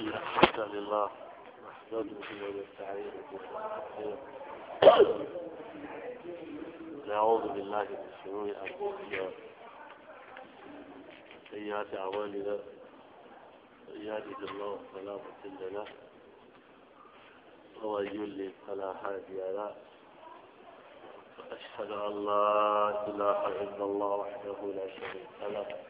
إن الحمد لله نحمده ونستعينه ونستغفره نعوذ بالله من شرور أنفسنا سيئات أعمالنا من الله فلا مضل له ومن فلا هادي له وأشهد أن لا إله إلا الله وحده لا شريك له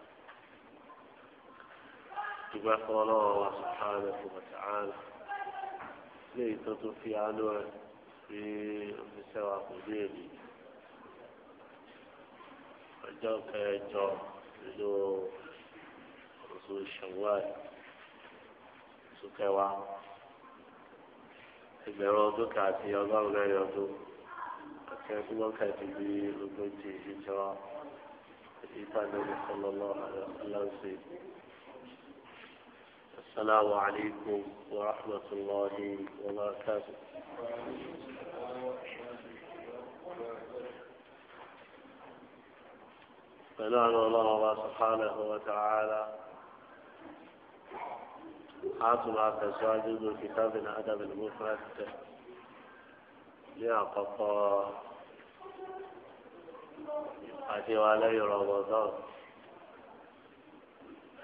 ìgbà kan ọlọ́wọ́ wa subhanahu wa ta'ala lè tó tó fi àánú rẹ̀ pé òṣìṣẹ́ wa kò dé èlì ọjọ́ kẹjọ ìlú oṣù Shawwal oṣù kẹwàá ẹgbẹ̀rún ọdún kan àti ọgọ́rùn-ún mẹ́rin ọdún àti ẹgbẹ̀rún kẹẹ̀ẹ́dógún ogójì ìjọ ìtàn lórí sallallahu alaihi wasallam. السلام عليكم ورحمة الله وبركاته فنعم الله سبحانه وتعالى حاصل على تساجد كتاب الأدب المفرد قطار أتي علي رمضان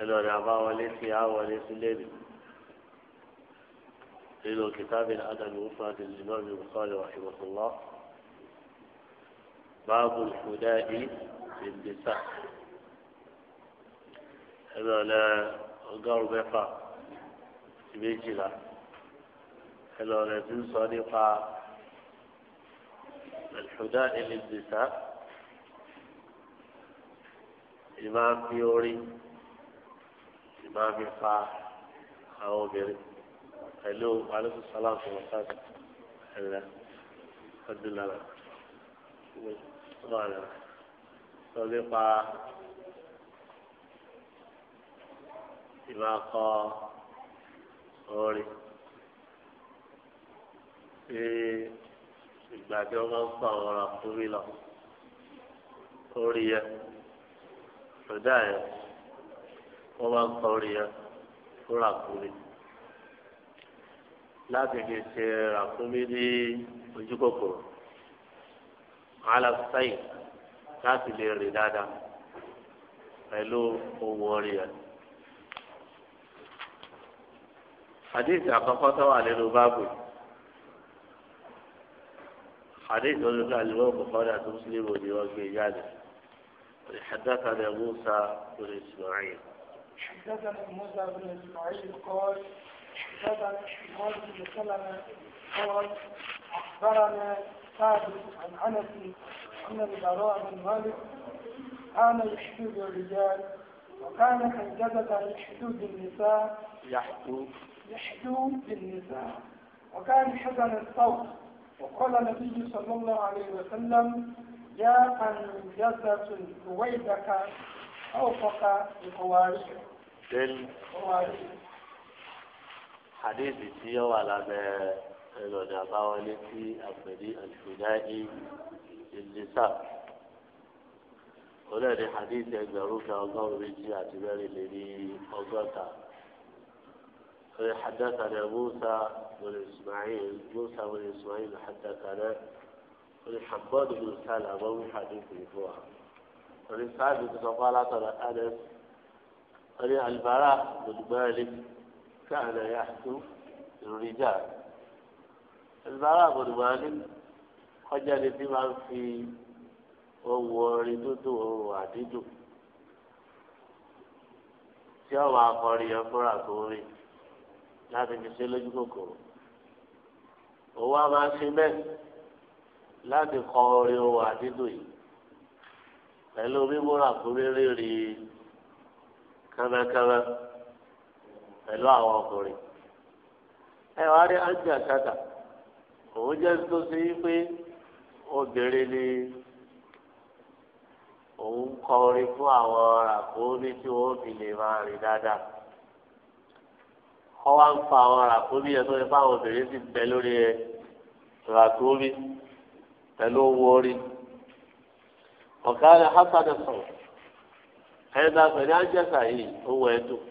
الو رابا وليس يا وليس ليبي إلو كتاب الأدب مفرد الإمام البخاري رحمه الله باب الحداء في البساء أنا لا أقر بقى بيجلا أنا لا تنسى نقع الحداء للبساء إمام فيوري sì máa fi fa àwọn obìnrin pẹ̀lú alẹ́kùn sálàmù ọ̀sán ẹ̀rẹ́ ọdún lára ọ̀rẹ́ sọ nípa ìmọ̀ akọ orin ṣe ìgbà tí wọ́n máa ń pa àwọn ọ̀rọ̀ àkúrí lọ orí yẹn ọ̀dà yẹn wọ́n bá ń kọ orin yẹn tó ràkúnmí láti fi ṣe ràkúnmí ní ojú kòkòrò alasẹ́yìn láti lè rìn dáadáa pẹ̀lú ohun orin yẹn. àdéhùn àkọ́kọ́ tó wà nínú báàbù حديث ذلك الإمام البخاري عن مسلم وجواز بن جابر حدثنا موسى بن إسماعيل حدثنا موسى بن اسماعيل قال حدثنا حماد بن سلمه قال اخبرنا ثابت عن انس ان البراء بن مالك كان يحدود الرجال وكان حجزة يحدود النساء يحدو يحدو بالنساء وكان حزن الصوت وقال النبي صلى الله عليه وسلم يا أنجزة رويدك أو فقط القوارب حديث سيو على لو جابا ولتي أفدي الفدائي اللسان ولا دي حديث يقدروا كأوضار بيجي اعتباري لدي أوضاتا حدثنا موسى بن إسماعيل موسى بن إسماعيل حدثنا حبان بن سلمة وحديث الفوحة torí sáàbì tó sọ fún alátọ̀dọ̀ adẹ́s torí alibara lòdùgbẹ́rẹ́lẹ́ káàdà yà tó ìròyìn jà alibara lòdùgbẹ́rẹ́lẹ́ ọjà ni bí máa ń fi owó orin dúdú òun àdídùn tí ọ̀wọ́ akọrin yẹn fúnra tó rí láti fi ṣe lójú kòkòrò òun á máa ṣe bẹ́ẹ̀ láti kọ orin òun àdídùn yìí pẹ̀lú wíwúrà kúréré rí kánnákánná pẹ̀lú àwọn ọkùnrin. ẹ wá rí ángel àkàtà òun jẹ́ tó ṣe yí pé obìnrin ni òun kọ orin fún àwọn ràkúnmí tí wọ́n fi lè máa rìn dáadáa. wọ́n ń fa àwọn ràkúnmí yẹn tó ṣe fáwọn obìnrin ti bẹ lórí ràkúnmí pẹ̀lú owó orin ọ̀gá rẹ̀ hasan sọ̀rọ̀ ẹ̀dá pẹ̀lú àjẹsà yìí owó ẹ̀dùn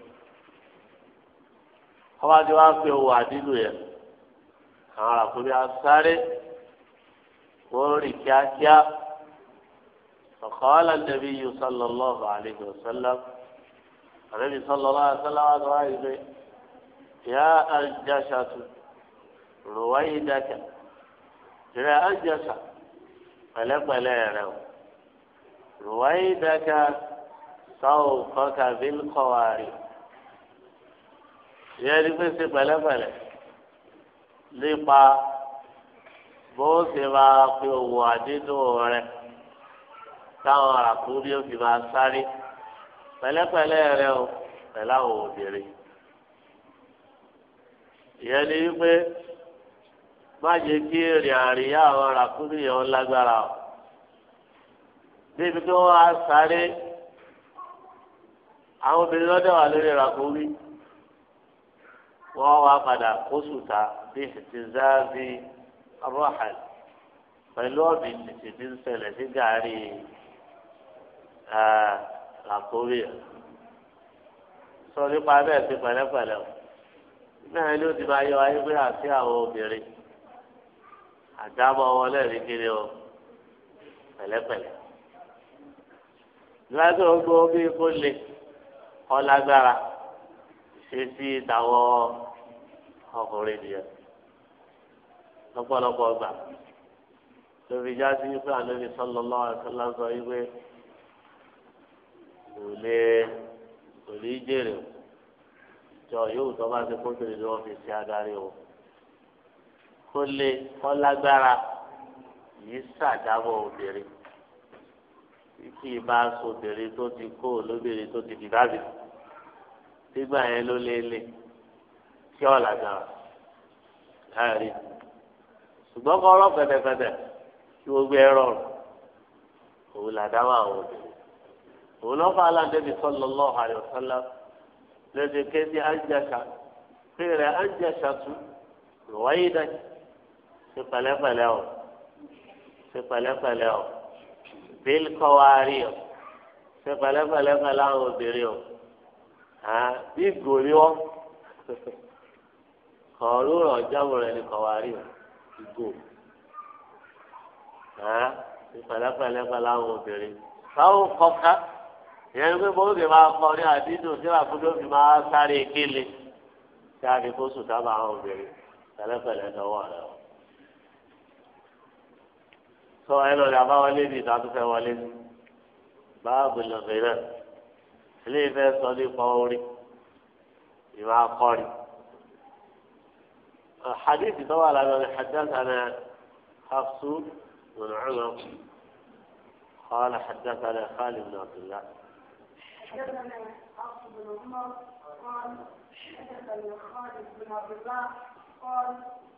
ọba tí wàá fi owó àdínú yẹn àwọn àkùnrin asáré wọ́n rìn kíákíá ọ̀kọ́ alàǹdẹ̀bí yìí sallallahu alaihi wasallam àlẹ́bí sallallahu alaihi wasallam wà lọ́wọ́ ìgbé yá àjẹsàtù rọ̀wáyé dákẹ́ ìrẹ̀ àjẹsà pẹ̀lẹ́pẹ̀lẹ́ rẹ̀ o ruwaidaka sawfaka bil qawari ìyẹn ní pèsè pẹ̀lẹ́pẹ̀lẹ́ nípa bó ṣe máa fi òwò àdídùn rẹ táwọn àkúrí ó fi máa sáré pẹ̀lẹ́pẹ̀lẹ́ rẹ o pẹ̀lú àwọn obìnrin ìyẹn ní wípé má jẹ́ kí èrè àríyá àwọn àkúrí yẹn lágbára o débi pé wọ́n á sáré àwọn obìnrin lọ́dẹ̀ wà lórí ràkúnmí wọ́n wá padà kó sùtà bí ìtìzáàbí rọ́hàn pẹ̀lú ọ̀bìn ìtìbí ń ṣẹlẹ̀ sí gàárì ràkúnmí sọ nípa bẹ́ẹ̀ sí pẹ̀lẹ́pẹ̀lẹ́ o náà ló ti máa yọ ayé àti àwọn obìnrin àdámọ́ wọn lẹ́rìí kiri o pẹ̀lẹ́pẹ̀lẹ́. láti ọgbọ bí kò le ọlágbára ṣe sí ìtàwọn ọkùnrin nìyẹn lọ́pọ̀lọpọ̀ ọgbà lórí jáde wípé àlórí sọlọ lọ́wọ́ àtọlá sọ wípé kò lè kò lè jèrè o jọ yóò tọ́ bá ti kókèrè ní wọ́n adarí o kọle lè kọ́ lágbára yìí kí ibà sobìnrin tó ti kó lóbìnrin tó ti di bábì sígbà yẹn ló léle kí ọ̀là gan láàrin ṣùgbọ́n kọ́ ọ̀rọ̀ pẹ̀tẹ̀pẹ̀tẹ̀ kí gbogbo ẹ rọrùn òun làdáwọ̀ àwọn obìnrin òun lọ́kọ̀ aláǹdẹ́bí sallallahu alaihi wasallam lẹ́sẹ̀ kẹ́sì ájàṣà fẹ́rẹ̀ ájàṣà tún lọ́wọ́ yìí dájú ṣe pẹ̀lẹ́pẹ̀lẹ́ ọ̀ ṣe pẹ̀lẹ́pẹ̀lẹ́ ọ̀ bíl kọ́wárì o ṣe pẹ̀lẹ́pẹ̀lẹ́pẹ̀ láwọn obìnrin o bí gòrí wọn kọ̀ọ̀rọ̀ ọ̀jáwó rẹ̀ ni kọ̀wárì o ìgò ṣe pẹ̀lẹ́pẹ̀lẹ́pẹ̀ láwọn obìnrin báwo kọ́ka ìyẹn ní pé bó ṣe máa kọ ní àdídùn tí wàá fún lóbi máa sáré kéle tí a fi kó sùn dábàá àwọn obìnrin pẹ̀lẹ́pẹ̀lẹ́ lọ́wọ́ rẹ̀ o. سواء لو لعبا والدي تعطف يا والدي باب الغيران ليه فيها صليب قواري يبعى قاري حديثي طبعا لأن حدث أنا حفصو بن عمر قال حدث على خالد بن عبد الله حدثنا أخي بن عمر قال حدث خالد بن عبد الله قال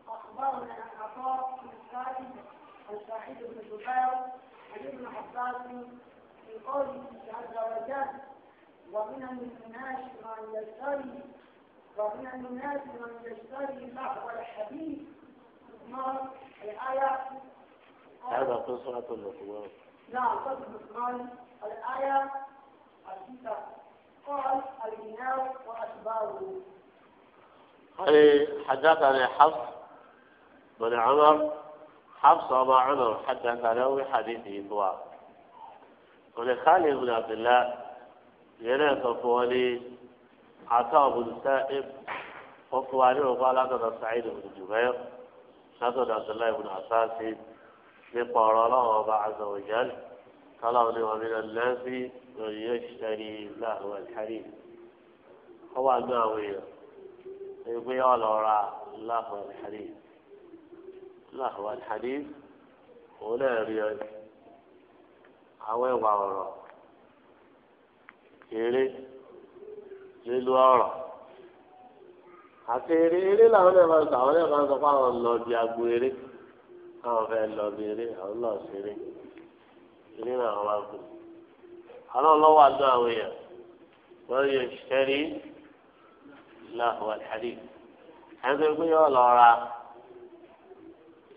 أخبرنا عن عطاء بن خالد الشاحب بن جبير عن ابن عباس في قوله عز وجل ومن الناس من يشتري ومن الناس من يشتري بعض الحديث ما الآية هذا قصة لقمان لا قصة لقمان الآية الستة قال الغناء وأسبابه حدثني حفص بن عمر حفص أبا عمر حدث له حديثه فوا ولخالد بن عبد الله ينام فوالي عطاء بن سائب وفوالي وقال هذا سعيد بن جبير هذا عبد الله بن عساس لقرار الله عز وجل قال ومن الناس من يشتري لهو الحديث هو الماوي يقول الله لهو الحديث láwọn àlàdé òun náà rí ọ àwọn ẹwà ọ̀rọ̀ eré lílo ọ̀rọ̀ àti eré eré làwọn náà máa ń sọ àwọn náà máa ń sọ fún àwọn lọ bí agbo eré àwọn fẹ́ lọ bí eré àwọn lọ sí eré eré náà wọn máa ń kú àwọn ọlọ́wọ́ àdó àwọn èèyàn wọ́n yẹ ṣẹ́rí láwọn àlàdé àti pé yọ ọ lọ ra.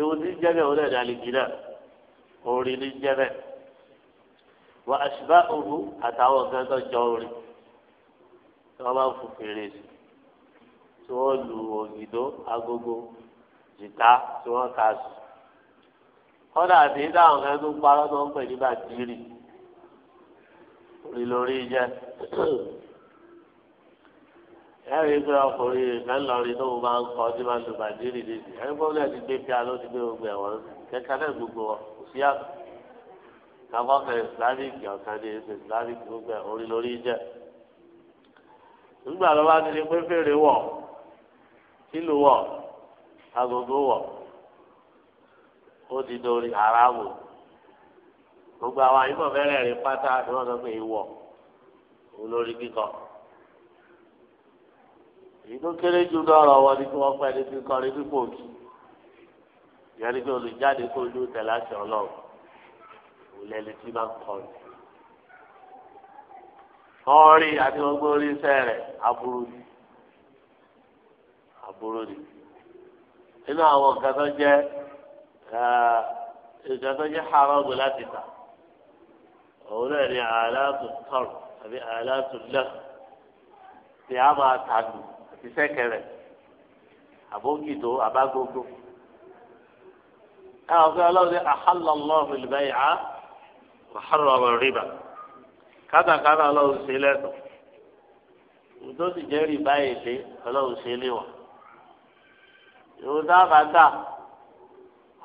ewu ní jẹ́bẹ̀ wọlé ní alìjìnà orin ní jẹ́bẹ̀ wà àṣìbá òru àtàwọn nǹkan tó jọ orin tí wọ́n bá ń fún fèrè sí tí wọ́n lu ògìdó agogo jìtá tí wọ́n kà sí kọ́dà àti táwọn nǹkan tó parọ́ tó ń pè ní bàtíìrì orin lórí jẹ́. ẹ̀rí pé ọkùnrin ìfẹ́ ńlọrin tó máa ń kọ́ tí máa ń lo bàjẹ́rì lẹ́sìn ẹ̀rí pé gbé pé aló ti gbé gbogbo ẹ̀wọ̀n kẹ́kẹ́ náà gbogbo ọ̀ kábọ́ọ̀kẹ́ ọ̀kan ní gbogbo lórí jẹ́ nígbà lọ́wọ́ ti di pé fèrè wọ̀ kílù wọ̀ agogo wọ̀ ó ti dorí gbogbo àwọn àyíkọ̀ pátá ni wọ́n sọ èyí tó kéré jù lọ́rọ̀ wọn ni kí wọ́n pẹ́ ní kíkọ́ ní pípò kì ìyẹn ni pé olùjáde kó lù tẹ̀lé àṣẹ ọlọ́run òun lẹni tí máa ń kọ́ ni. ọ̀rí àti ọgbọ́n orí iṣẹ́ rẹ̀ aburú ni aburú ni nínú àwọn nǹkan tó jẹ́ eh, nǹkan tó jẹ́ haramu láti tà òun náà ni àlàtú àbí àlàtú tí a máa tà nù. ìsẹ́kẹrẹ abokito abagogo a ọ̀fẹ́ ọlọ́run àhàlọ́lọ́hùn ìlbẹ́yà ọ̀hárọ̀rọ̀ rìbà kátàkárà ọlọ́run ṣe sele ntòsí jẹ́ rìbá èlé ọlọ́run ṣe léwà ìwòsàn àbáta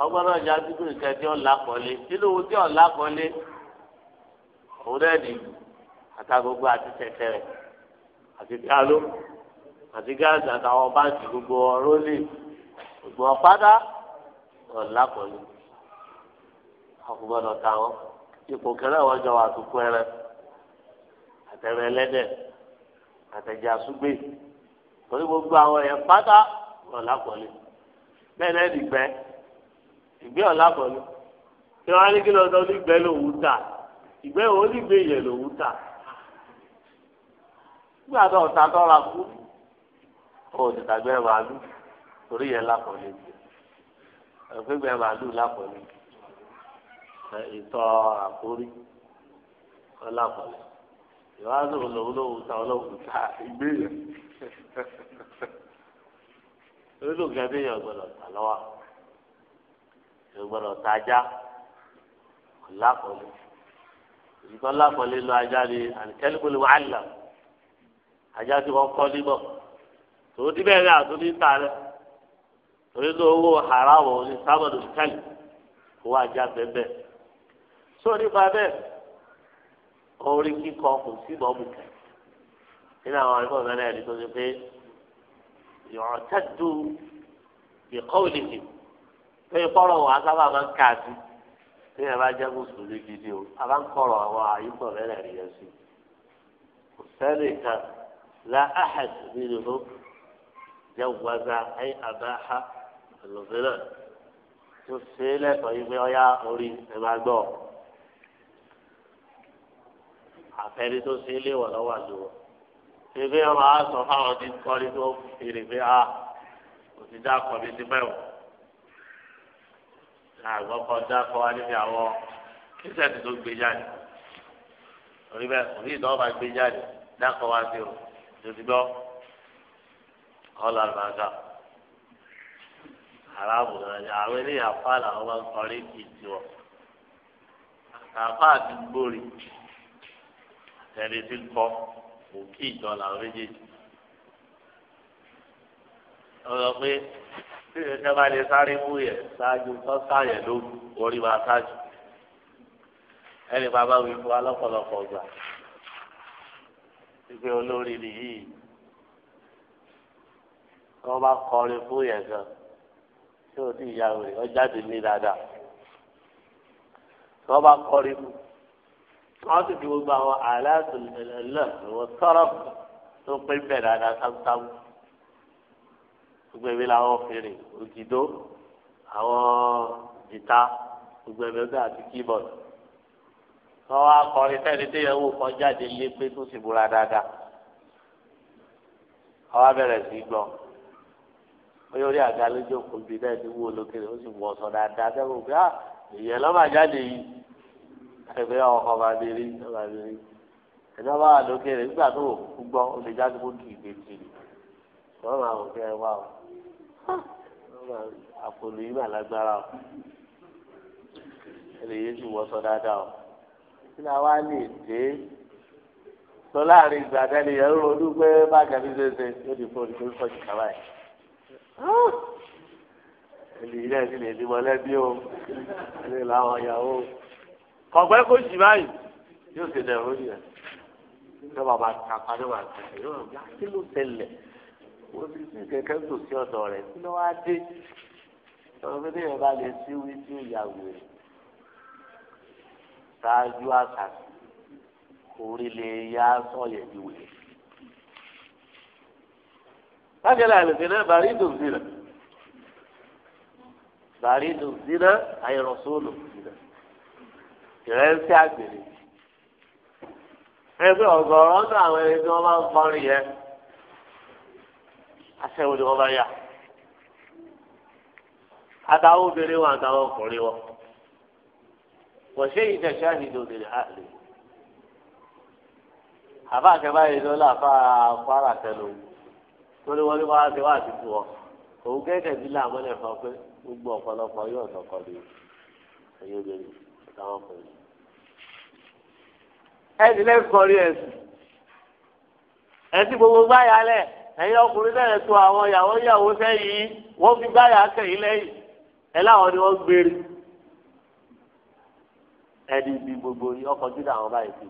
ọgbọ́dọ̀ ọjà dúdú ìkẹtì ọ̀la kọ́lé àti gáàsì àtàwọn báńkì gbogbo rólì gbogbo ọ̀pádà ọ̀làpọ̀lù àkùgbọ́dọ̀ táwọn ipò kẹrẹ wọn jọ wà tukú ẹrẹ àtẹrẹ ẹlẹ́dẹ̀ àtẹjà súgbè torí gbogbo àwọn yẹn pátá ọ̀làpọ̀lù bẹ́ẹ̀ náà dìgbẹ́ ìgbẹ́ ọ̀làpọ̀lù tí wọ́n á ní kí lọ́dọ̀ onígbẹ́ lòún tà ìgbẹ́ onígbẹ́ yẹn lòún tà gbàdọ̀ ọ̀tà tọ́ra kú kó o ti tàgbẹ́ màálù torí yẹn lápọ̀lẹ́ ẹ̀fẹ́gbẹ́ màálù lápọ̀lẹ́ ìtọ́ àkórí ọlápọ̀lẹ́ ìwádìí olówólówó ta olówó ta ìgbé yẹn olùgbàdé yẹn gbọ́dọ̀ tà lọ́wọ́ yẹn gbọ́dọ̀ tà ajá ọlápọ̀lẹ́ ìtọ́ lápọ̀lẹ́ lọ ajá ni àlìkẹ́lẹ́gbẹ̀lẹ́ wàhálà ajá tí wọ́n kọ́ níbọ̀ tòótí bẹ́ẹ̀ ni àtúndí ń ta rẹ̀ torí tó owó haram ní sábàdù kẹ́lì kó wá já bẹ́ẹ̀ sọ nípa bẹ́ẹ̀ orí kíkọ kò sí bọ́ọ̀mù kẹ́ nínú àwọn àríkọ̀ mẹ́rin ẹ̀rí tó ṣe pé ìrọ̀tẹ́dù ìkọ́wìlìkì pé kọ́rọ̀ wà sábà máa ń kà sí tí ẹ bá jẹ́ mùsùlùmí gidi o a bá ń kọ̀rọ̀ àwọn àyíkọ̀ mẹ́rin ẹ̀rí yẹn sí kò sẹ́nìkan la áhẹ̀sì nínú lókè jẹ́wọ́gbàgbà ayé àbáhà lọ́sẹ̀lẹ̀ tó ṣe é lẹ́tọ̀ọ́ yìí pé ọyá orí ẹ máa gbọ́ àfẹ́rí tó ṣe é léwọ̀ lọ́wọ́ àdúgbò ṣègbè ọmọ á sọ fáwọn ti kọ́ni tó fèrè pé a ah, kò ti dákọ̀ mi ti bẹ́ẹ̀ wọ̀ àgbọ̀kọ̀ dákọ̀ wá níbi àwọn kíṣẹ́ẹ̀tì tó gbé jáde orí bẹ́ẹ̀ orí ìdánwò bá gbé jáde dákọ̀ wá sí o tó ti gbọ́ ọlọ àgbàgà aráàbù náà ni àwọn eléyà pa làwọn máa ń kọrí kì í tiwọn àkàfà àdúgbò rí tẹ̀lé tí ń kọ òkè ìjọ làwọn méjèèjì ọlọ pé tí ìrẹsẹ bá lè sáré mú yẹ ṣáájú tọ́sà yẹ ló wọrí máa ṣáájú ẹnì bàbá wí fún gbà wípé olórí nìyí tí wọ́n bá kọrin fún yẹn gan tí o ti ìyá rẹ̀ ọjà ti ní dáadáa tí wọ́n bá kọrin fún wọ́n sì fi gbogbo àwọn aláàtò lẹ́lẹ́ wọ́n tọ́rọ̀ tó pé bẹ́ẹ̀ dáadáa sámúsámú gbogbo ìwé làwọn fèrè òjìdó àwọn jìtá gbogbo ìwé ọdún àti kíbọ̀dù wọ́n wá kọrin sẹ́ni tó yẹ wò kọ́ jáde pé tó sì búra dáadáa wọ́n wá bẹ̀rẹ̀ sí gbọ́n bóyá orí àga ló jókòó ibi náà ní wúwo lókèrè ó sì wọ ọsàn dáadáa sẹ́wọ̀n pé ah ìyẹn lọ́mọ àjáde yìí ẹgbẹ́ ah, ọkọ̀ máa mi rí ọmọ mi rí ẹ̀dá bá wà lókèrè nígbà tó òkú gbọ́ ó lè jáde kó kì í gbé tìrì wọ́n máa wò kí ẹ wá o àpòlù yìí mà lágbára o ẹlẹ́yìí sì wọ ọsàn dáadáa o kí ni àwa lè dé sọ láàrin ìgbà tẹ́lẹ̀ yẹn ń ronú pé bá kẹ́mi ṣe ṣe yóò di fóònù tó ń sọ̀jù ẹni ilé ẹsìn lè di mọ̀lẹ́bí o ẹni làwọn ìyàwó kọgbẹ kó jì báyìí yóò ṣe dẹrù yẹn ní bàbá tàpá ní wà tẹlẹ yóò rà ah, kí ló tẹ́lẹ̀ wọn ti sí kẹ̀kẹ́ tó sí ọ̀dọ̀ rẹ̀ kí ló wá dé ọmọ bíbí yẹn bá lè sí wí sí ìyàwó rẹ̀ ṣáájú àṣà orí yá sọyẹ ìwé. هكذا أهل الزنا بريد الزنا بريد الزنا أي رسول الزنا غير تعبيري ẹgbẹ́ ọ̀gọ̀rọ̀ náà àwọn ẹni tí wọ́n máa ń kọrin yẹn aṣẹ́wó ni wọ́n bá yà àtàwọn obìnrin wọn àtàwọn ọkùnrin wọn kò ṣe àlè àbá àkẹ́bá yìí wọ́n ní wọ́n ní wàá ṣe wàá ti fún ọ òun gẹ́gẹ́ bí làmọ́lẹ̀ fọ pé gbogbo ọ̀pọ̀lọpọ̀ yóò sọ̀kọ̀ lè ẹ̀yẹ́ bẹ̀rẹ̀ táwọn kọ̀ yìí. ẹ̀sìn gbogbo gbáyàlẹ̀ ẹ̀yin ọkùnrin tó àwọn ìyàwó ìyàwó sẹ́yìn wọ́n fi gbáyà kẹ̀yìn lẹ́yìn láwọn ni wọ́n gbére ẹni bí gbogbo ọkọ̀ jíjà àwọn báyìí ti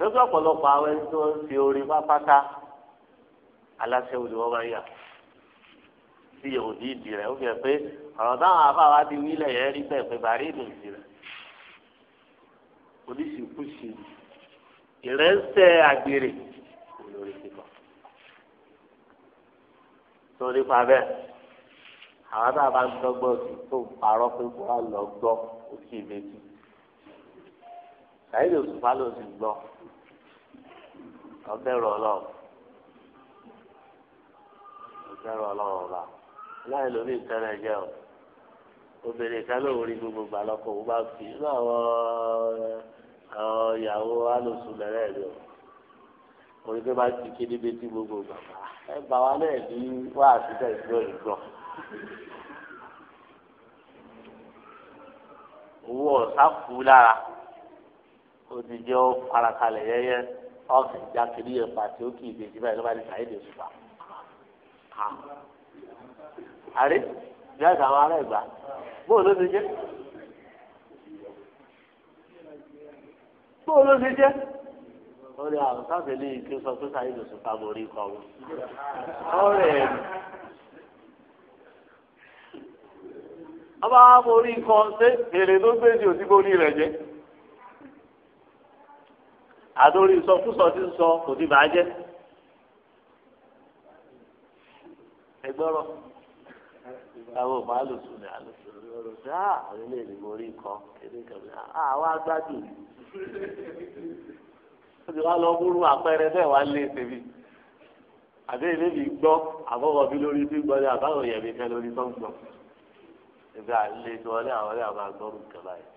lọ́sọ̀ ọ̀pọ̀lọpọ̀ aláṣẹ wo ni wọ́n máa yà sí yòòdì ìdì rẹ̀ ó fi hàn pé ọ̀rọ̀ táwọn afáwa ti wílẹ̀ yẹn rí bẹ́ẹ̀ pé bàrí ìdùn sí rẹ̀ oníṣìkúṣe ìrẹsẹ̀ àgbèrè olórí kíkọ́ tó nípa bẹ́ẹ̀ àwọn tá a bá ń dọ́gbọ́n sí tó ń parọ́ pé kò wá lọ gbọ́ òkè méjì sàyẹ́dì òṣùpá ló sì gbọ́ ọbẹ̀ rọ̀ ọlọ́run lọ́rọ̀ ọlọ́run ọba láì lómi ìtẹrẹ jẹ o obìnrin kan lóun rí gbogbo gbà lọkọ òun bá fi inú àwọn àwọn ìyàwó alòsù lẹrẹ rẹ o orí pé bá ti kéde bí ti gbogbo bàbá ẹ bà wá náà ní wá àtúntà ìgbọ ìgbọ owó ọ̀sá kú lára òdìjọ́ farakalẹ̀ yẹ́yẹ́ ọ̀sìn jákèjì ẹ̀fà tí ó kì í bèjì báyìí ló bá di sàyẹ̀dẹ̀ sùpà. àrí bí àti àwọn ará ìgbà bóò ló ti jẹ O ló ti jẹ ó ní àwọn sábẹ̀lì kí n sọ pé sáyé lòsùn ká mo rí kọ́ wọn. ọ̀rẹ́ ẹ̀ ọba mo rí kọ́ ṣé èrè ló gbé ní òsínbó ní àdórí dọ́rọ̀ àwọn ọmọ alùsùn ah, ní alùsùn ah, ní ọ̀rọ̀ sí àwọn ilé ìlú orí nǹkan kéde kẹmí àwọn agbádùn ó ti wá lọ múrú àpẹẹrẹ bẹ́ẹ̀ wá lé tèmi àbí ilé mi gbọ́ àbọ̀wọ̀ mi lórí tí gbọ́ ní àbáwọ̀ yẹn mi kẹ́ lórí tó ń gbọ́ ìgbà lè tó ọlé àwọn ọlé àwọn agbọ́rù kẹlá yìí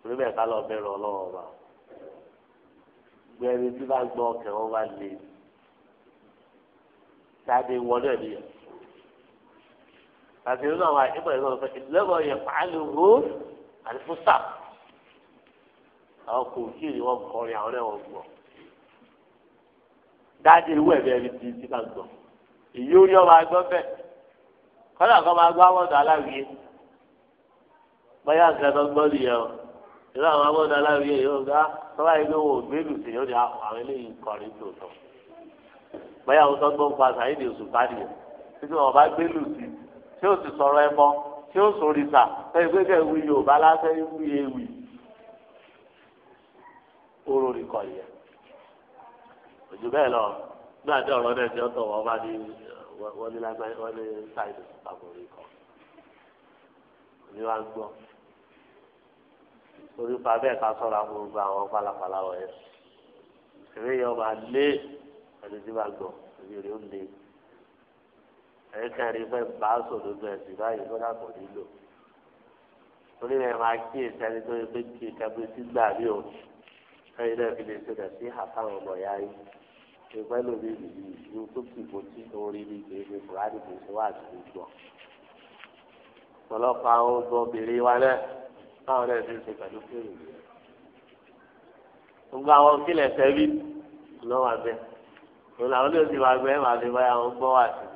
torí bẹ́ẹ̀ ká lọ bẹ̀rẹ̀ ọlọ́wọ́ ọba gbẹ́ni tí bá gbọ́ ọkẹ́ wọn bá lè ní sáde wọlé ẹ̀ nìyẹn àti nínú àwọn àyẹ̀kọ́ ìlú ọ̀fẹ́ ìlẹ́wọ̀ yẹn pàálù hó àti fúsà àwọn kò kí ni wọ́n kọrin àwọn ẹ̀wọ̀n gbọ́ dáadé ìwé ẹ̀mí ẹ̀mí ti ti máa gbọ́ èyí ó rí ọmọ agbọ́ bẹ́ẹ̀ kọ́lá kan máa gbọ́ àwọn ọ̀dọ́ aláwìyé báyà nǹkan tó gbọ́ nìyẹn o ìlú àwọn ọmọ ọ̀dọ́ aláwìyé yóò gbá tọ́lá ló wò gbé lùsì yóò ní àwọn eléyìí kọrin tòótọ́ bẹ́ẹ̀ àwọn sọ́gbọ́n pa sàyídì oṣù káàdìyẹ títí wọn bá gbé lù sí tí ó sì sọ̀rọ̀ ẹbọ tí ó sòrì sà fẹ́ gbé kẹ́ wí yorùbá lásẹ̀ wí ewì oró rí kọ yẹ òjò bẹ́ẹ̀ lọ nígbà tí ọ̀rọ̀ náà ti ọ̀tọ̀ wọn bá ní wọ́n ní lágbáyé wọ́n ní sáìdì pàbò rí kọ ní wàá gbọ́ orí pa bẹ́ẹ̀ ká sọ̀rọ̀ àwọn gbogbo àwọn pálapàla wọ̀nyẹn ìrẹ́yìn ọba lé ẹni tí bá gbọ́ èyí rèé ó le ẹ̀ẹ́kẹ́rin fẹ́ bá a sọ̀rọ̀ lójú ẹ̀sìn báyìí kó dàpọ̀ nílò torí rẹ̀ máa kí èsì ẹni tó yẹ pé kí ìkàgbé sí gbà rí o ẹ̀yin náà fi lè ṣe dà sí àtàwọn ọmọ ìyá yìí ìpẹ́ lómi nìyí ìlú tó kì kó tí orin ní kéde buhari kò sí wà sí gbọ́ ọ̀pọ̀lọpọ̀ àwọn ọmọbìnrin wa náà báwọn náà ti ń ṣe pẹ̀lú fèrè gbogbo àwọn kílẹ̀ sẹ́rí lọ́wọ́ abẹ́ òun làwọn yóò ti máa gbẹ máa fi báyà wọn gbọ́ wà sí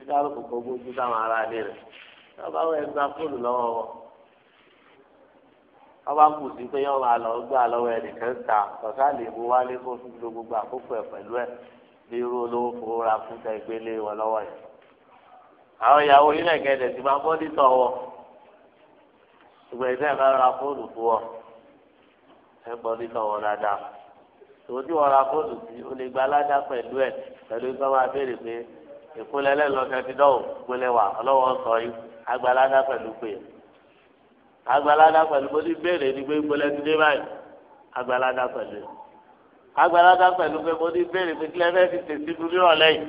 i ká lóko gbogbo ojú táwọn ará ilé rẹ̀ lọ́ba wọn ẹ fóònù lọ́wọ́ wọn ọba kù sí pé yọ̀ọ́ máa lọ gbà lọ́wọ́ ẹnìkan ta ọ̀sá lè mú wálé kó fi lo gbogbo àkókò ẹ̀ pẹ̀lú ẹ̀ bí irú olówó fowó ra fún ta ìgbélé wọn lọ́wọ́ yẹn. àwọn ìyàwó orílẹ̀ kẹ̀dẹ̀ ti máa bọ́ nítọ̀ wọ ṣùgbọ́n ìfẹ́ máa ra fóònù fún ọ ẹ bọ́ nítọ̀ wọ dáadáa tòun tí wọn ra fóònù sí o lè gba aládá pẹ̀lú ẹ pẹ̀lú ìgbà máa béèrè pé ìpínlẹ̀ lẹlọsẹ ti dọwọ ìpínlẹ̀ wà ọlọwọ sọ yìí agbalada pẹ̀lú pé agbalada pẹ̀lú bó ti béèrè ni pé ìpínlẹ̀ ti dé báyìí agbalada pẹ̀lú agbalada pẹ̀lú pé bó ti béèrè pé kílẹ̀ fẹ́ẹ́ ti tètè dúró nírọ̀lẹ́ yìí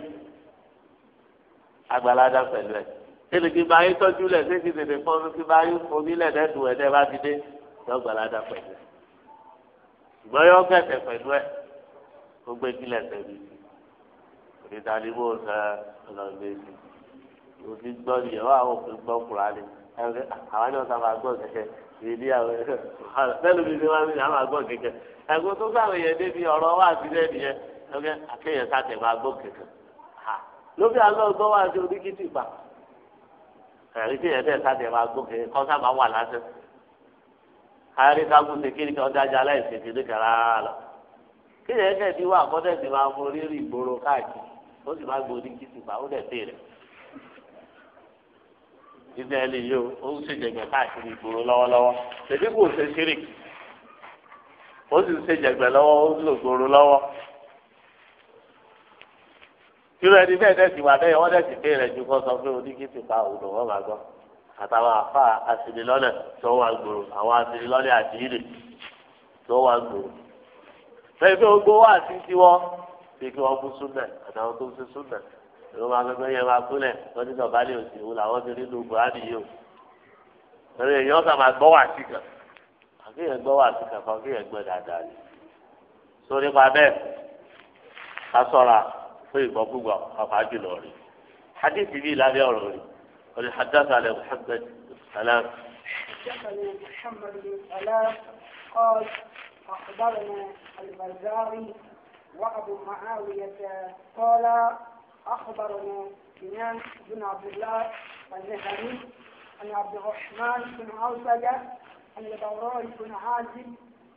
agbalada pẹ̀lú ẹ tẹ́lẹ̀ kí bá yín tọ́jú lẹ̀ tẹ́lẹ̀ kí tètè fọ́n kí bá yín fomi lẹ̀ dẹ́tù ẹ̀ dẹ́ bá ti dé lọ́gbalada pẹ̀lú ẹ ṣùgbọ́n yọ gẹ̀ẹ́sẹ̀ pẹ̀lú ẹ̀ tó gbé kílẹ̀ tẹ̀lé ìdánimò ṣe ọlọ́gbé sí òfin gbọ́ ni ìyàwó àwọn òfin gbọ́ kura ni àwọn ni wọ́n sábà gbọ́ kẹ̀kẹ́ ìdí àwọn ẹ̀rọ mi ni wọ́n ní àwọn àgbọ̀ kẹ̀kẹ́ ẹ̀gbọ́n tó sáwọn èèyàn débi ọ̀rọ̀ wà sí lẹ́nu yẹn ẹ̀gbẹ́ akéèyàn sàtẹ̀ máa gbọ́ kẹ̀kẹ́ lóbi àlọ́ gbọ́ wà sí oníkìtì pa ẹ̀rí tí àríkàkùn ṣe kíni kan dájà aláìsè kíni kan rárá lọ kíni ẹgbẹ́ bí wà kọ́tẹ́ sì máa mú rírì ìgboro káàkiri ó sì máa gbòó ní kìsì pa ó dẹ̀ tèrè ó ń káàkiri ìgboro lọ́wọ́lọ́wọ́ kò ṣe ó sì ń lọ́wọ́ ó ń lò lọ́wọ́ irú ẹni bẹ́ẹ̀ dẹ̀ wà bẹ́ẹ̀ wọ́n dẹ̀ ju kọ́ sọ pé oníkìsì pa àtàwọn àfa àsìlélọ́lẹ̀ tó wà gbòòrò àwọn àsìlélọ́lẹ̀ àdìrè tó wà gbòòrò. lẹ́yìn pé wà sí tiwọ́ bí kí wọ́n kú súnmẹ̀ àtàwọn tó ń ṣe súnmẹ̀ ìlú máa gbẹgbẹ yẹn máa kúlẹ̀ wọ́n ti sọ òsì ìwò làwọn ti nínú buhari yìí o. lórí èèyàn sà máa gbọ́ wà sí kan àkéèyàn gbọ́ wà sí kan gbọ́ قد حدثنا محمد بن سلام حدثني محمد بن سلام قال أخبرنا البزاري وأبو معاوية قال أخبرنا سنان بن عبد الله النهري عن عبد الرحمن بن عوسجة عن البراء بن عازب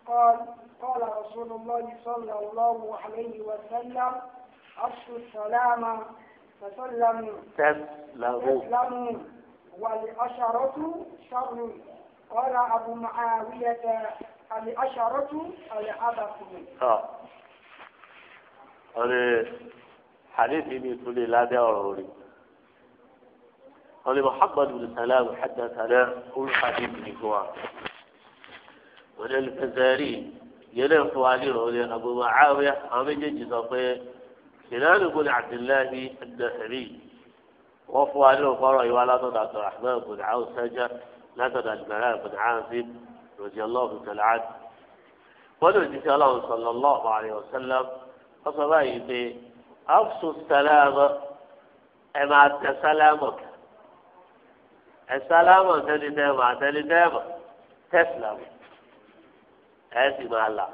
قال قال رسول الله صلى الله عليه وسلم أصل السلام تسلموا والعشرة شر قال أبو معاوية العشرة العبث آه حديث من كل لا دعوري قال محمد بن سلام حدثنا كل حديث من هو وللفزاري يلف علي أبو معاوية أمجد جزاقه سنان بن عبد الله الدهري وفوا له فرع ولا تدع عبد الرحمن بن عوف سجى لا تدع البراء بن عازب رضي الله تعالى عنه ولد له صلى الله عليه وسلم به أفسوا السلام أما سلامك السلام أنت لدامة أنت لدامة تسلم هاتي مع الله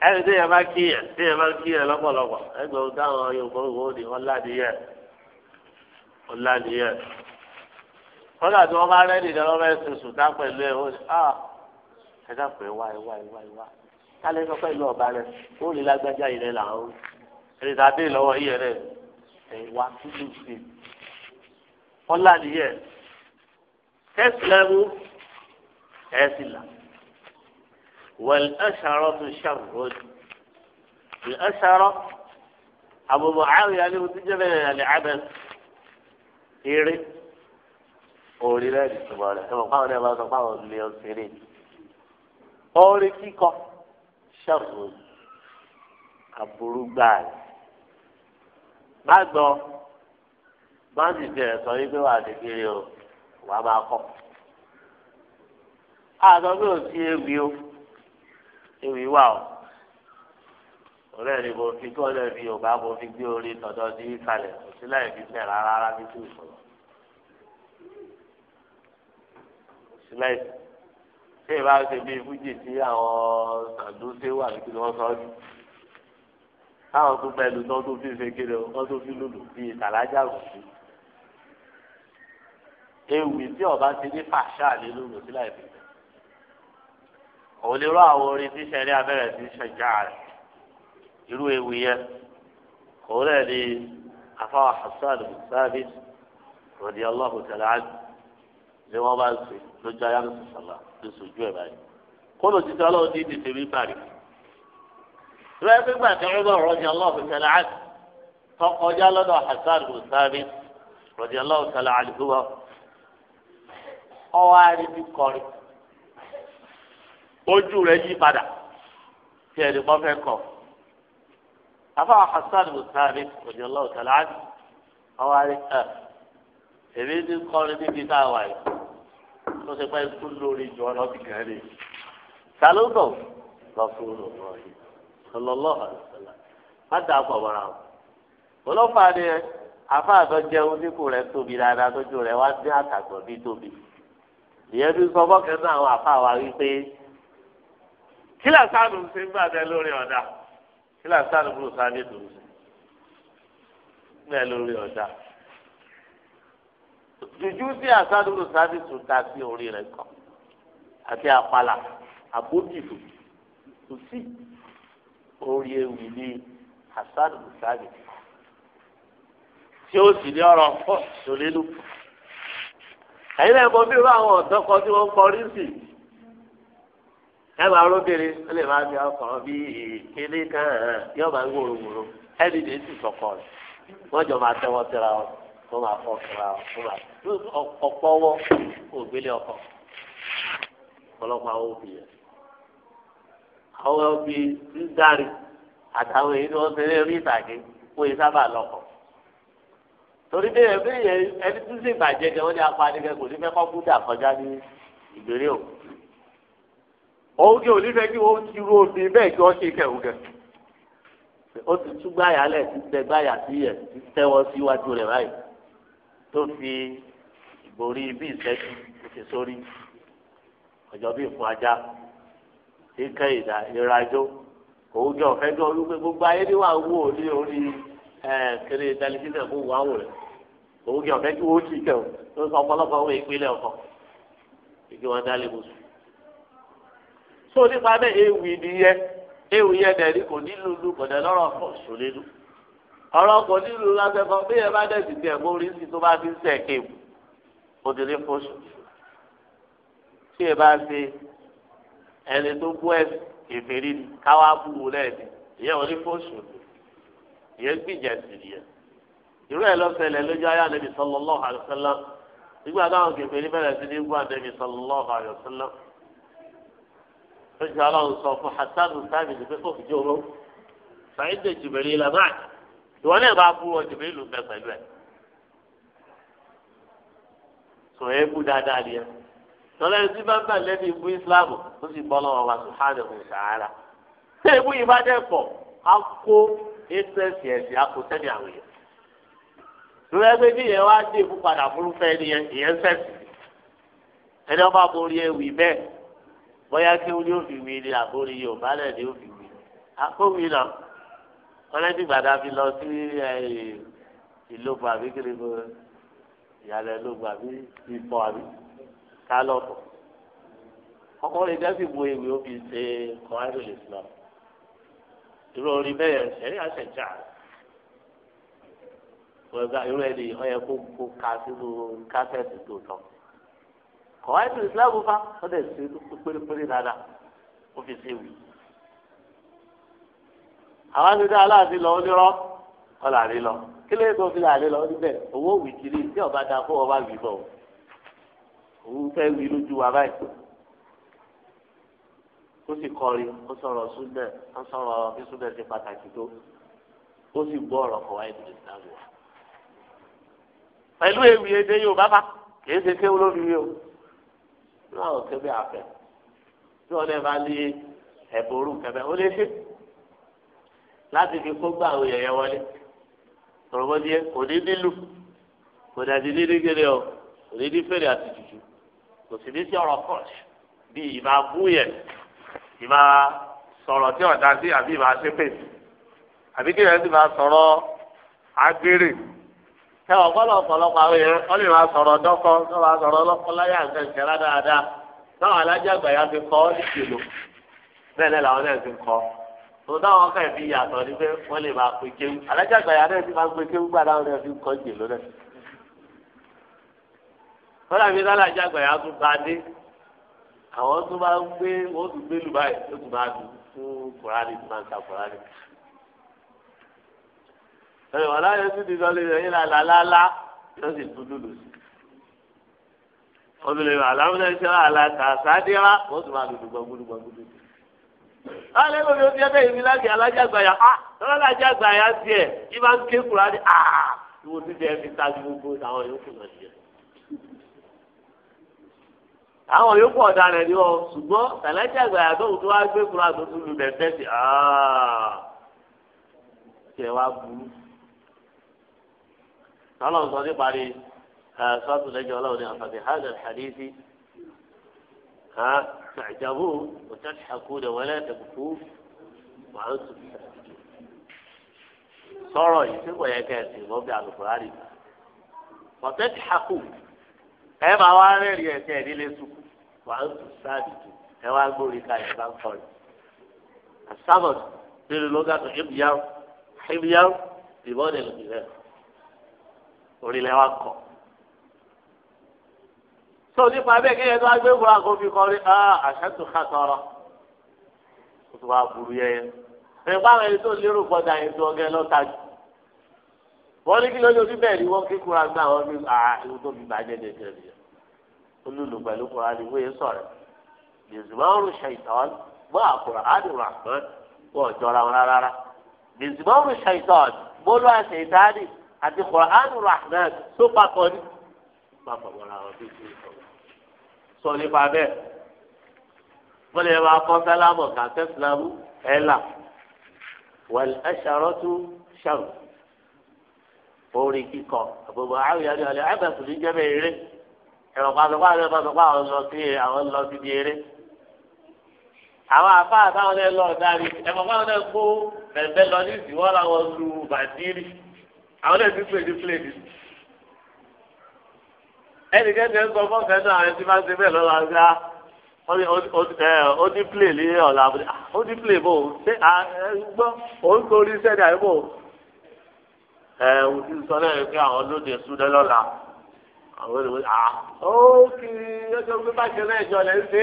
ẹni tí yẹn bá kíyàn tí yẹn bá kíyàn lọ́pọ̀lọpọ̀ ẹgbẹ́ òun táwọn yorùbá òwò ni wọ́n ládìyẹ wọ́n ládìyẹ. kọ́dà tí wọ́n bá rẹ́ẹ̀dì lọ́wọ́ bẹ́ẹ̀ sùn sùn tá pẹ̀lú ẹ̀ wọ́n ẹ dá pé wá ẹ wá ẹ wá ẹ wá kálẹ̀ sọ pẹ̀lú ọ̀bá rẹ̀ ó lè lágbájá ìrẹ́ làwọn ẹni tá a dé lọ́wọ́ yìí rẹ̀ ẹ wá tútù sí i wọ́n ládìyẹ tẹ́sílẹ́mù ẹ̀ sì là. والأشرة شر الأشرة أبو معاوية اللي متجمع العبث إيري orí rẹ ní tùmọ̀ rẹ ẹ̀wọ̀n fáwọn ẹ̀ máa sọ fáwọn ilé ọ̀sẹ̀rẹ̀ orí kíkọ ṣẹ̀fù aburú gbáà rẹ̀ má gbọ́ má sì bẹ̀rẹ̀ sọ wípé wà á kékeré o wà á máa kọ́ àtọ́ bí ò sí ewì o ewì wà o òré ni mo fi kọ́ lẹ́ fi yorùbá mo fi gbé orí tọ̀dọ̀ sí ìsàlẹ̀ kò sí láì fi bẹ̀ rárá rárá bí tí ìsọ̀rọ̀ kò sí láì ṣé ìbá ṣe bí fújì tí àwọn sàdúnṣe wà ní kí ni wọ́n sọ ọ́ káwọn tó pẹ̀lú tó tó fi ṣe kéde wọ́n tó fi lùlù bí ìtàlájà rò sí ewì tí ọba ti ní fàṣà nínú lòsí láì fi òun lè rọ àwọn orin tí sẹ́rí abẹ́rẹ́ ti ń ṣẹ̀já rẹ̀ irú ewu yẹn òun rẹ̀ ni afáwọn hasan sábì rọ̀dí ọlọ́hùn tẹ̀lé àgbẹ̀ ni wọ́n bá ń sè lójú ayé àti sàlá ní sojú ẹ̀ báyìí kóló títí ọlọ́run ní ìdìtì mi bàrí. ìwé ẹgbẹ́ gbà tí wọ́n gbọ́dọ̀ rọ̀dí tẹ̀lé àgbẹ̀ tọkọjá lọ́dọ̀ hasan sábì rọ̀dí ọlọ́hùn tẹ̀lé àgbẹ̀ wọ́n ọwọ́ àrídìí kọrin ojú rẹ̀ yí padà tí ẹni kọ́ fẹ́ kọ́ afa hasan musaani ọjọ́ lọ́wọ́ tẹ̀lé àti ọwárí ẹ̀ èmi ti kọrin níbi tá a wà yìí tó ṣe pé kú lórí ju ọlọ́bì kan rè sálóńtò lọ́kùnrin lọ́wọ́ yìí ọlọ́lọ́wọ́ àlùfẹ́lá má dàá pọ̀ mọ́ra o olófà ni afa àtọ́ jẹun dínkù rẹ̀ tóbi dáadáa tójú rẹ̀ wá dé àtàgbọ̀n bí tóbi ìyẹn bí sọ bọ́kẹ́ náà àwọn afa wa wí pé kí làásánù ṣe ń gbàdẹ lórí ọ̀dà kí làásánù bùrù sáadé tó ṣe gbẹ lórí ọ̀dà jùjú tí àsánù bùrù sáadé tó ta sí orí rẹ̀ kàn àti àpàlà àbódìdò kò sí orí ewì ní àsánù bùrù sáadé tí ó sì ní ọ̀rọ̀ pọ̀ tó lélú. ẹ̀yin náà mọ bí irú àwọn ọ̀dọ́ kan tí wọ́n kọrí sí i ẹ máa lóbìnrin ó lè máa fi ọkàn bí kéde kan yóò máa ń gbòòrò ẹni lè sì sọkọ rẹ wọn jọ máa tẹwọ síra wọn wọn máa fọ síra wọn wọn máa ọ̀pọ̀ ọwọ́ ògbélé ọkọ ọ̀pọ̀lọpọ̀ àwọn òbí yẹn àwọn òbí ń dárí àtàwọn èyí ni wọn fi rí ìtàgé wọn yìí sábà lọ́kọ torí bẹ́ẹ̀ bẹ́ẹ̀ ẹni tí ń ṣèbàjẹ́ kẹ́ wọ́n ní apá nígbà kò ní fẹ́ kọ́ búdà kọjá ní ìgbèrè òun kì í onífẹ́ kí wọ́n ti ru omi bẹ́ẹ̀ kí wọ́n ṣe kẹ̀hún kẹ̀. ó ti tú gbáyà lẹ̀ ti tẹ gbáyà sí ẹ̀ ti tẹ́wọ́ síwájú rẹ̀ báyìí tó fi ìborí bí ìṣẹ́jú ti sórí ọjọ́ bí fún ajá ìkẹ́ ìdá ìrajó òun kì í ọ̀fẹ́ gbọ́ wípé gbogbo ayé ni wàá wò ní orí kiri tẹlifíṣàn fún wàá wò rẹ̀ òun kì í ọ̀fẹ́ kí wọ́n ti kẹ̀ ó sọ ọ̀pọ̀lọpọ̀ àwọn ìpínlẹ̀ ọ̀kan ìgbé wọn dálé mùsùlùmí tó nípa bẹ́ẹ̀ ewì nìyẹn ewì yẹn dẹ̀rí kò ní lulu kò dẹ̀ lọ́rọ̀ kò sùn nínú ọ̀rọ̀ kò ní lulu lásẹ̀kọ́ bí ẹ bá dẹ̀ sì tiẹ̀ mórí sí tó bá fi ń sẹ̀ kéwù ó ti ní fóṣù tí ẹ bá ṣe ẹni tó gbọ́ ẹ ìfèrí ni káwá búwo lẹ́ẹ̀ni ìyẹn ò ní fóṣù ìyẹn gbìjẹ̀ sí nìyẹn irú ẹ̀ lọ́sẹ̀lẹ̀ lójú ayé ànábì sallallahu alaihi nígbà táwọn kèfèrí bẹ̀rẹ̀ sí ní gbọ́ lójú aláwọ̀ sọ fún hasanu sábì ní pé kò fi jóró fàyíǹde jìbìrì làbá ìwọ náà bá bú ọ jìbìrì lù bẹ pẹ̀lú ẹ̀ sọ ẹ bú dáadáa ni ẹ tọ́lá ẹni tí bá ń bà lẹ́nu ìbú ìsìláàmù ó sì bọ́ lọ́wọ́ wa sùhánù kò sàárà ṣé ìbú yìí bá dẹ̀ pọ̀ á kó ẹsẹ̀sì ẹ̀sìn á kó sẹ́ni àwọn èèyàn lórí ẹgbẹ́ bí ìyẹn wá dé ìbú padà fúrúfẹ́ ni ìyẹn sẹ́sì ẹni ọba borí ewì bẹ́ẹ̀ bóyá kí wọn yóò fi wí ni àbórí yorùbá náà ni yóò fi wí àkówí náà kọlẹ́tì gbàdá fi lọ sí ìlógun àbí kiri kò ìyàlẹ̀ ìlógun àbí ìfọ̀ àbí kálọ̀tọ̀ ọkùnrin jẹ́ sì bu ewì òbí ṣe kọ́ńtò lè sùn náà irú orí bẹ́ẹ̀ ṣẹ̀rí àṣẹjà irú ẹni ọ̀yẹ́ kó ká sínú kásẹ̀tì tó tán kọ̀wá ètò ìsìláàmù fa wọ́n dẹ̀ ṣe pérépéré dáadáa ó fi ṣe wì. àwọn àti dáa láti lọ onírọ́ ọ̀là rí lọ kí lè tó fi láàrin lọ níbẹ̀ owó wì kiri tí ọba da fún ọba wì bọ̀ òun fẹ́ wí lójú wa báyìí ó sì kọrin ó sọ̀rọ̀ súnbẹ̀ ó sọ̀rọ̀ bí súnbẹ̀ ṣe pàtàkì tó ó sì gbọ́ ọ̀rọ̀ kọ̀wá ètò ìsìláàmù wa. pẹ̀lú ewì èdè Yorùbá bá kì í ṣe kéwú lórí rí o wọn ò kébé àfẹ tí wọn lè bá lé ẹbùrú kẹfẹ ó lè ṣe láti fi kó gbà àwọn yẹyẹ wọlé tọrọmọdé kò ní nílù kò dàdí ní nígbèrè o kò ní ní fèrè àti jùjú kò sì ní sí ọ̀rọ̀ kọọsì bí ìmà bú yẹ ìmà sọ̀rọ̀ tí ọ̀dà sí àbí ìmà ṣépè àbí kí ẹ sì máa sọ̀rọ̀ agbèrè. tẹ ọ̀pọ̀lọ̀ ọ̀pọ̀lọpọ̀ àwọn èèyàn wọ́n lè máa sọ̀rọ̀ dọ́kọ́ wọ́n máa sọ̀rọ̀ ọlọ́kọ́ láyé dáadáa táwọn fi náà làwọn náà fi kọ tòun táwọn ọkọ̀ fi yàtọ̀ ni pé wọ́n lè máa pe kéwú alájàgbà ya náà ti máa gbà náà fi kọ́ náà. wọ́n tún bá dé àwọn tún ń gbé wọ́n tún gbé lù báyìí ẹ wà láyé sí ti sọ lórí ẹyin lálá lálá yóò sì tún dúdú sí olùlẹ̀ àlàmúlẹ̀ ṣe àlàkà sádìrà wọ́n sì máa dùdú gbọ̀ngbùdù gbọ̀ngbùdù sí. alẹ́ lómi ó ti ẹ́ bẹ́ẹ̀ mi láti alájàgbàyà á ah! lọ́wọ́ alájàgbàyà sí ẹ̀ kí máa ń ké kura ní àá ah! ìwọ ti jẹ́ fi tagi gbogbo àwọn yòókù náà jẹ. àwọn yòókù ọ̀daràn ni wọn ṣùgbọ́n alájàgbàyà tó tó wá gbé kura tó tún lu bẹ̀ẹ́ tẹ̀sí àá ah! tiẹ̀ wá burú ọlọ́run sọ nípa rí sọ́ọ̀tù lẹ́jọ́ ọlọ́run ní àfàbí hàdà hadithi ha tàjàbù òtàkù rẹ̀ wọlé tẹ̀kù màrútù sọ̀rọ̀ yìí tí kò yẹ kẹ́sì lọ́ bí alùpùrárì òtàkù ẹ máa wá rẹ́rì ẹ̀sẹ̀ nílé sùkú màrútù sáàdì tù ẹ wá gbórí ká ẹ̀ bá ń kọ́ rẹ̀ àsámọ̀ nínú lọ́gàtò ìbíyàwó ìbíyàwó ìbọn ẹ̀ lọ́gàtò orílẹ̀ wa kọ̀. tó nípa bẹ́ẹ̀ kí ẹni wá gbé wúrà kó fi kọrin ah, àṣàtò kàtọ́rọ́ kó tó wá burú yẹyẹ. ẹ̀rọ báwọn ẹni tó lérò gbọ́dọ̀ àyè tó ọgẹ́ lọ́ta jù. wọ́n ní kí lóyún oníbẹ̀rẹ̀ ni wọ́n kíkura gbà wọ́n ní ìwọ ah, tó fi bàjẹ́ dé tẹ̀lé yẹn. olùlù pẹ̀lú kura ni wọ́n yẹ sọ̀rọ̀ bìzìmọ́rù ṣàìtàn gbọ́ àkùrà ádùn àpọ́n wọ́n jọra wọn rárá bìzìmọ́rù ṣàìtàn gbólú àṣẹ ìtàdì àti Qur'an rahman tó papọ̀ ní. papọ̀ mọ́ra wọn bí kò sọ. sọ nípa bẹ́ẹ̀ wọ́n lè máa kọ́ sálámọ̀ kàkẹ́ sílámù ẹ̀ là wal asharatu ṣàrù. orin kíkọ àbúrò àwòyá ni ọ̀lẹ́ àbẹ̀kù ní jẹ́ bẹ́ẹ̀ eré ẹ̀rọ pàṣípàá ẹ̀rọ pàṣípàá àwọn lọ sí àwọn lọ sí di eré. àwọn àfáà táwọn ẹ̀ lọ dárí ẹ̀fọ̀ fáwọn ẹ̀ kó bẹ̀ẹ̀bẹ̀ lọ ní ìsìnwọ́ làwọn lu bàdírì àwọn ẹ̀sìn pè ní plẹ̀nì. ẹnì kẹ́kẹ́ ń sọ fún ọ̀fẹ́ náà àwọn ẹtí máa ń ṣe bẹ́ẹ̀ lọ́la ṣá ó ní plẹ̀ ní ọ̀la ó ní plẹ̀ bò ṣé gbọ́ òun torí sẹ́ni àyẹ̀bò ẹ̀ òun ti sọ náà pé àwọn lóde súnlẹ̀ lọ́la àwọn olùwé à ó kì ọjọ́ pé bá ṣe náà ìjọ lẹ́ ń ṣe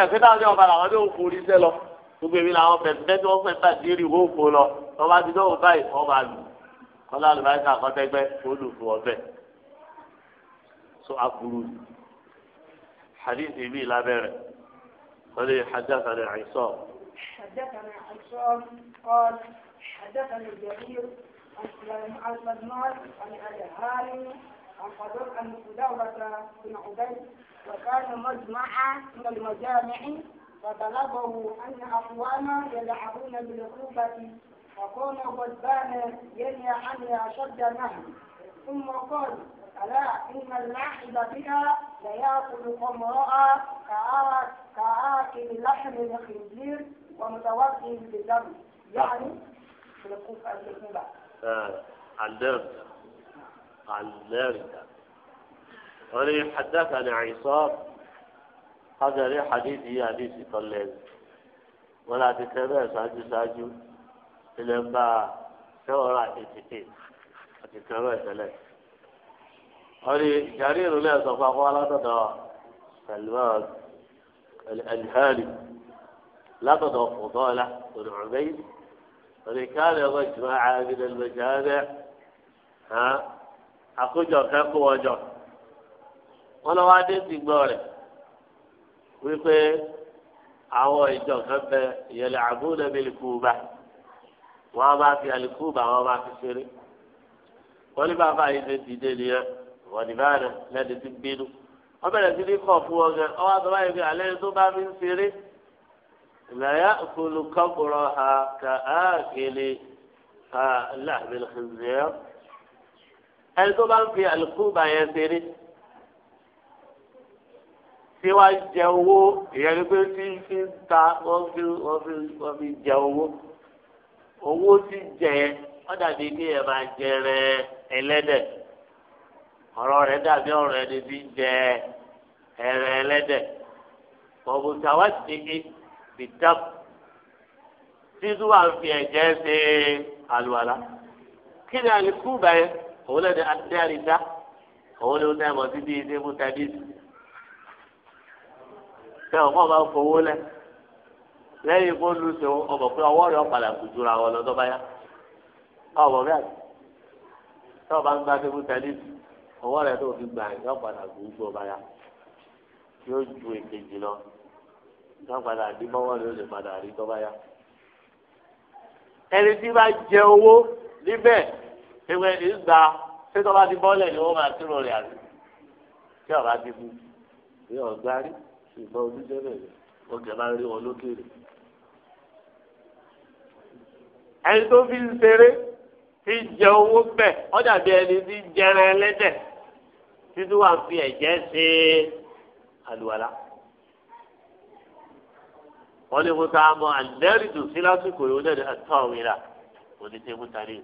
ẹ̀ pé táwọn ọba làwọn ní òkú orí sẹ́ lọ gbogbo èmi làwọn fẹ̀sì bẹ́ẹ̀ tí wọ́n fẹ́ tàdí kọ́lá àlùbáríkà àkọ́tẹ́gbẹ́ olùfò ọbẹ̀ so aburú hadith ibi lábẹ́rẹ̀ wọlé hajjátàlẹ̀ àìsọ́. حدثنا عصام قال حدثني الجرير عن سلمان عن ابي هاني عن قدر عن دورة بن عبيد وكان مجمعا من المجامع فبلغه ان اقواما يلعبون بالعقوبة فكون قد بان عني أشد النهي ثم قال ألا إن اللاعب بها ليأكل امرأة كآكل لحم الخنزير ومتوجه بالدم يعني في الكوفة الكوفة علمت علمت ولي حدثنا عصاب هذا لي حديث هي حديث قليل ولا تتبع ساجو ساجو ilẹ̀ ń bá sẹ́wọ̀n rà tètè àti kẹrọ ìtẹ́lẹ̀. ọ̀rẹ́ ìjàrí ìrọ̀lẹ́ ẹ̀sọ́ fún akọ́ alátọ̀dọ̀ salman alhari látọ̀dọ̀ fọ̀dọ́ọ̀lá olùrùbẹ́yì ọ̀rẹ́ káàdì ọkọ̀ ìjùmọ̀ àgbẹ̀dẹ̀ lọ́jàdẹ̀ àkójọ kẹ́kọ̀ọ́ ọjọ́ wọn lọ́wọ́ adé ti gbọ́ rẹ̀ wípé àwọn ìjọ kan bẹ yẹlẹ àbúrò bẹ́ẹ̀ kú báyìí wọn bá fi alikuba wọn bá fi ṣeré wọn ní bàbá yìí ṣe dìde nìyẹn wọn ní báyìí lẹ́ni tí ń bínú wọn bẹ̀rẹ̀ sí ní kọ̀ fún wọn gan ọwọ́ àtọ́wá yìí fi alẹ́ tó bá fi ń ṣeré lẹ́yà kulu kọ́kùrọ̀ ha kà á kéle ha láàbìlì xinzẹ́ ẹni tó bá ń fi alikuba yẹn ṣeré tí wàá jẹ owó ìyẹn ni pé tí ń ta wọ́n fi wọ́n fi jẹ owó owó tí jẹ wọn dàbí kí ẹ máa jẹrẹ ẹlẹ́dẹ̀ ọ̀rọ̀ rẹ̀ dàbí ọ̀rọ̀ ẹni tí ń jẹ ẹrẹ ẹlẹ́dẹ̀ ọbùtà wá sí ní bìtáp títú wà fi ẹ̀jẹ̀ ṣe àlùwàlà kí ni àlékù báyẹn òun lẹni adé àrídá òun ló náà mọ títí ní mú tàbí sẹ ọmọ máa fowó lẹ lẹ́yìn kó lu ṣe ọbọ pé ọwọ́ rẹ̀ ọpadà kù jura wọn lọ dọba ya ọbọ bẹ́ẹ̀ tọ bá ń gba tẹbú tẹlif ọwọ́ rẹ̀ tó fi gbà yọ ọpadà kù gbọ bá ya yóò ju èkejì lọ yọ padà dí mọ́wọ́ rẹ̀ ó lè padà rí dọba ya ẹni tí bá jẹ owó níbẹ̀ ewé ìgbà tí tọ́ba ti bọ́lẹ̀ ni wọ́n máa túrò rẹ̀ àti tí ọba ti bu bí ọgbà rí ìgbà ojúṣe bẹ̀rẹ̀ ẹni tó fi ń ṣeré ti jẹ owó bẹ ọjà bí ẹni ti jẹrẹ ẹlẹ́dẹ̀ títí wàá fi ẹ̀jẹ̀ ṣe àlùwàlà wọn ní mo ta mọ àlẹrìndò sí lásìkò yìí ó dẹdẹ ẹ̀tọ́ òwìnira mo ní tẹmú tari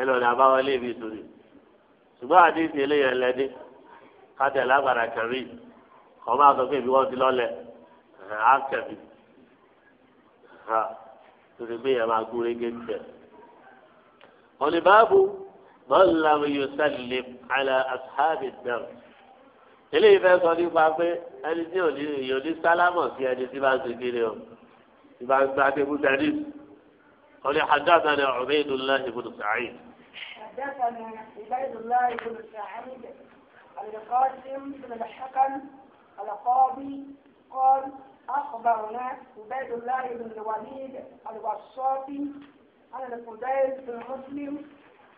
ẹ lọ ní abáwọlé mi sórí ṣùgbọ́n àdéhùn eléyìí ẹlẹ́dẹ́ kájẹ lágbára kẹrin kọ́ máa sọ pé ìbí wọn ti lọ́lẹ̀ á ha torí pé yàrá agúrégé tẹ̀. wọ́n ní báàbù man lam yusallim ala ashabi dar. eléyìí fẹ́ sọ nípa pé ẹni tí yóò ní sálámọ̀ sí ẹni tí bá ń ṣe kiri o tí bá ń gba tẹ́kù tẹ́lí. wọ́n ní haddathana Ubaydullah ibn Sa'id. حدثنا عبيد الله بن سعيد القاسم بن الحكم القاضي قال أخبرنا عبيد الله بن الوليد الوصافي عن الفضيل بن مسلم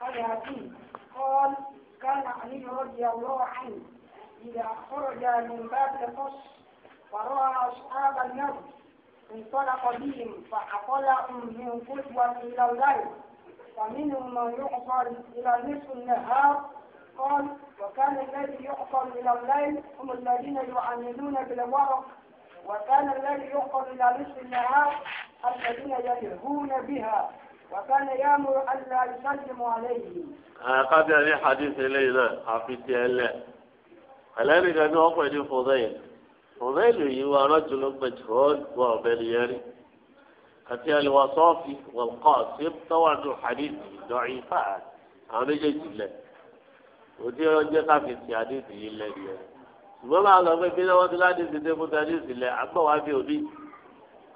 عن أبيه قال كان علي رضي الله عنه إذا خرج من باب القص فرأى أصحاب النبي انطلق بهم فأقلهم من قدوة إلى الليل ومنهم من يعقل إلى نصف النهار قال وكان الذي يعقل إلى الليل هم الذين يعملون بالورق وكان الليل يؤخذ إلى نصف النهار الذين يلهون بها وكان يأمر أن لا يسلموا عليه. آه، قد يعني حديث ليلى حفيتي الا الآن أن أقعد فضيل فضيل هو رجل مجهول وبلياري حتى الوصافي والقاسم طبعا الحديث ضعيفات عن جيد الله ودي أن يقع في حديثه الذي يعني ṣùgbọ́n máa lọ pé bílẹ̀ wọ́n ti láti ṣe débú tẹ́lẹ̀ ìsìlẹ̀ àgbọ̀wá bí òbí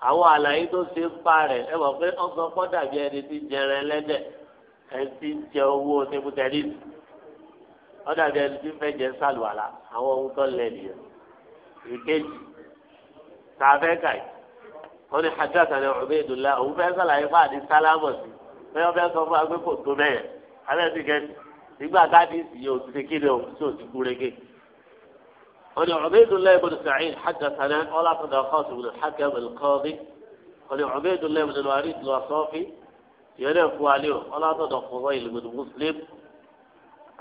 àwọn àlàyé tó ṣe ń pa rẹ̀ ẹ mọ̀ pé ọ̀sán pọ́ dàbí ẹni tí jẹrẹ ẹlẹ́dẹ̀ ẹni tí jẹ owó débú tẹ́lẹ̀ ọ dàbí ẹni tí fẹ́ jẹ sàlùwàlà àwọn ohun tó lẹ̀ nìyẹn ìkejì tààfẹ́ kàì wọ́n ní hajj àtàlẹ́ Ubaydullah òun fẹ́ sàlàyé fún fẹ́ sọ fún قال عبيد الله بن سعيد حدثنا قال أعطنا خاص بن الحكم القاضي قال عبيد الله بن الوليد الوصافي ينف عليه قال أعطنا فضيل بن مسلم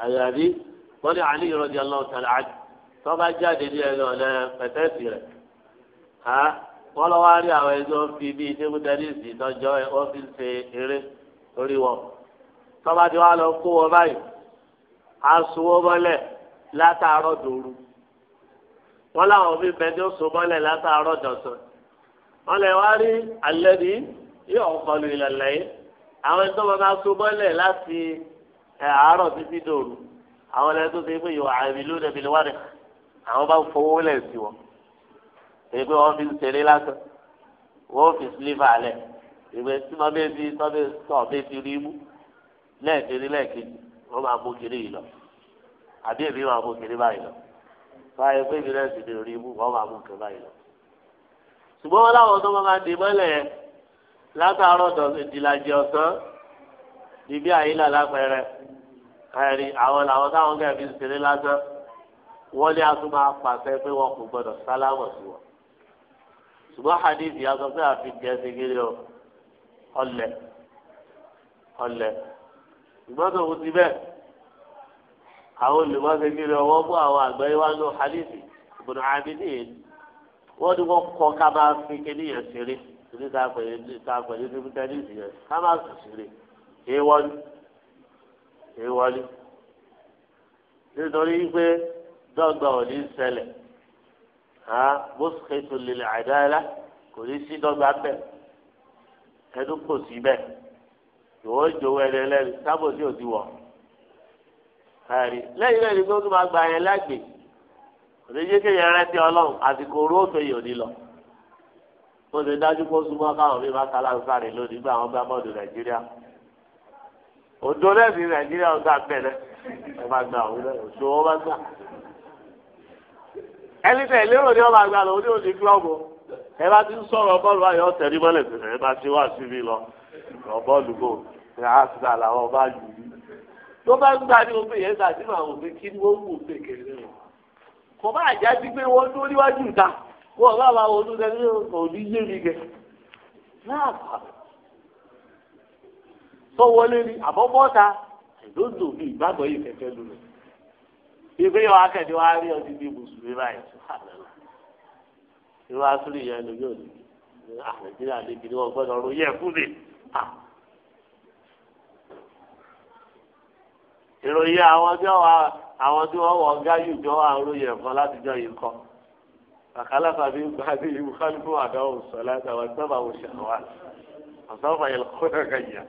أيادي قال علي رضي الله تعالى عنه طبعا جاد لي أنا فتاتي ها قال واري أويزون في بي تمدرسي تنجوي أوفيس إيري أريوه طبعا جوالهم قوة باي أصوه لا تعرض wọn làwọn fi bẹ tí ó so mọ́lẹ̀ látàárọ̀ dọ̀tun wọn lè wá rí alẹ́ ní yóò kọlu ìlàlẹ́ yìí àwọn ẹni tó bá bá so mọ́lẹ̀ láti àárọ̀ títí dòru àwọn ẹni tó ti pé yòó àìmílú nàbí ni wà ní àwọn bá fowó lẹ̀ sí wọn èyí pé wọ́n fi ń lásán wọ́n fi sílífà lẹ̀ ìgbẹ́ tí wọ́n bẹ́ẹ̀ ti tọ́bẹ̀ tọ́bẹ̀ ti rí mú lẹ́ẹ̀kiri lẹ́ẹ̀kejì wọ́n máa mú kiri yìí lọ àbí èmi máa mú kiri báyìí lọ báyìí pé ìrẹsì sì lè rí ibú wọn máa mú nǹkan báyìí lọ. ṣùgbọ́n wọn láwọn tó máa dè mọ́lẹ̀ látàárọ̀ ìdìlàjì ọ̀sán níbi àyílà lápẹẹrẹ ẹ̀rí àwọn làwọn táwọn kẹ́ẹ̀ fi ń ṣeré lásán wọ́n ní aṣọ máa pàṣẹ pé wọn kò gbọdọ̀ sálámọ̀ sí wọn. ṣùgbọ́n hadith yà sọ pé àfi gẹ̀ẹ́sìgìrì ọ ọlẹ̀ ọlẹ̀ ṣùgbọ́n tó wù sí bẹ́ẹ̀ àwọn olùmọ̀ọ́sẹ̀ kiri ọwọ́ bú àwọn àgbẹ̀ wa ló hadithi ìbùdó abidí wọ́n ní wọ́n kọ́ ká máa fi kíní yẹn ṣeré kíní ká pẹ̀lú ká pẹ̀lú kíní tẹ́nísì yẹn ká máa sùn ṣeré èèwọ̀lú èèwọ̀lú nítorí pé dọ́gba ò ní ṣẹlẹ̀ ha mọ́sùkẹ́tù lil adala kò ní sí dọ́gba bẹ́ẹ̀ ẹnu kò sí bẹ́ẹ̀ ìwọ́n jòwó ẹni ẹlẹ́ni sábò sí òdiwọ̀n ẹ̀rí lẹ́yìn lẹ́yìn tó tún máa gbà yẹn lágbè òdejé kéèyàn rántí ọlọ́run àsìkò oró òfin yìí ò ní lọ mo ti dájú kó súnmọ́ káwọn mi máa kálá sáré lónìí gbà wọn bá bọ́ọ̀dù nàìjíríà òdo lẹ́sìn nàìjíríà ọ̀gá bẹ̀rẹ̀ ẹ máa gbà òun náà òṣù wọn máa gbà ẹni tẹ̀ lérò ni wọ́n máa gbà lòun ní òní kílọ̀bù ẹ bá ti ń sọ̀rọ̀ bọ́ọ̀lù ayọ̀ tẹ̀rí mọ́lẹ̀ tẹ̀rẹ̀ ẹ bá ti wá síbi lọ bọ́ọ̀lù bò ní àṣìṣà làwọn bá yìí tó bá ń gbà ní òfin yẹn gbà sínú àwọn òfin kí ni wọ́n ń wò fún èkèrè rẹ̀ kò bá àjá sí pé wọ́n tó níwájú ìta wọ́n bá bá wọn tó sẹ́ni kò ní yé mi gẹ̀ náà tó wọlé ni àbọ̀bọ́ta ìdóńdò mi ìgbàgbọ́ yìí kẹ̀kẹ́ lulẹ̀ ìgbé yọ akẹ́ni wa rí ọtí bíi mùsùlùmí báyìí ìwà asúlì yẹn ló yóò ní nàìjíríà níbi ni wọ́n gbọ́dọ̀ ọ̀rọ̀ ìròyìn àwọn tí wọn àwọn tí wọn wọ gáyù jọ àròyìn ẹ̀fọ́ láti jọ yìí kọ́ kàkálà tàbí gbàdé ìlú kálífù àdáwò sọlá àtàwọn sábà wò ṣàwà àtàwọn fàyẹ lọkọdà kàyà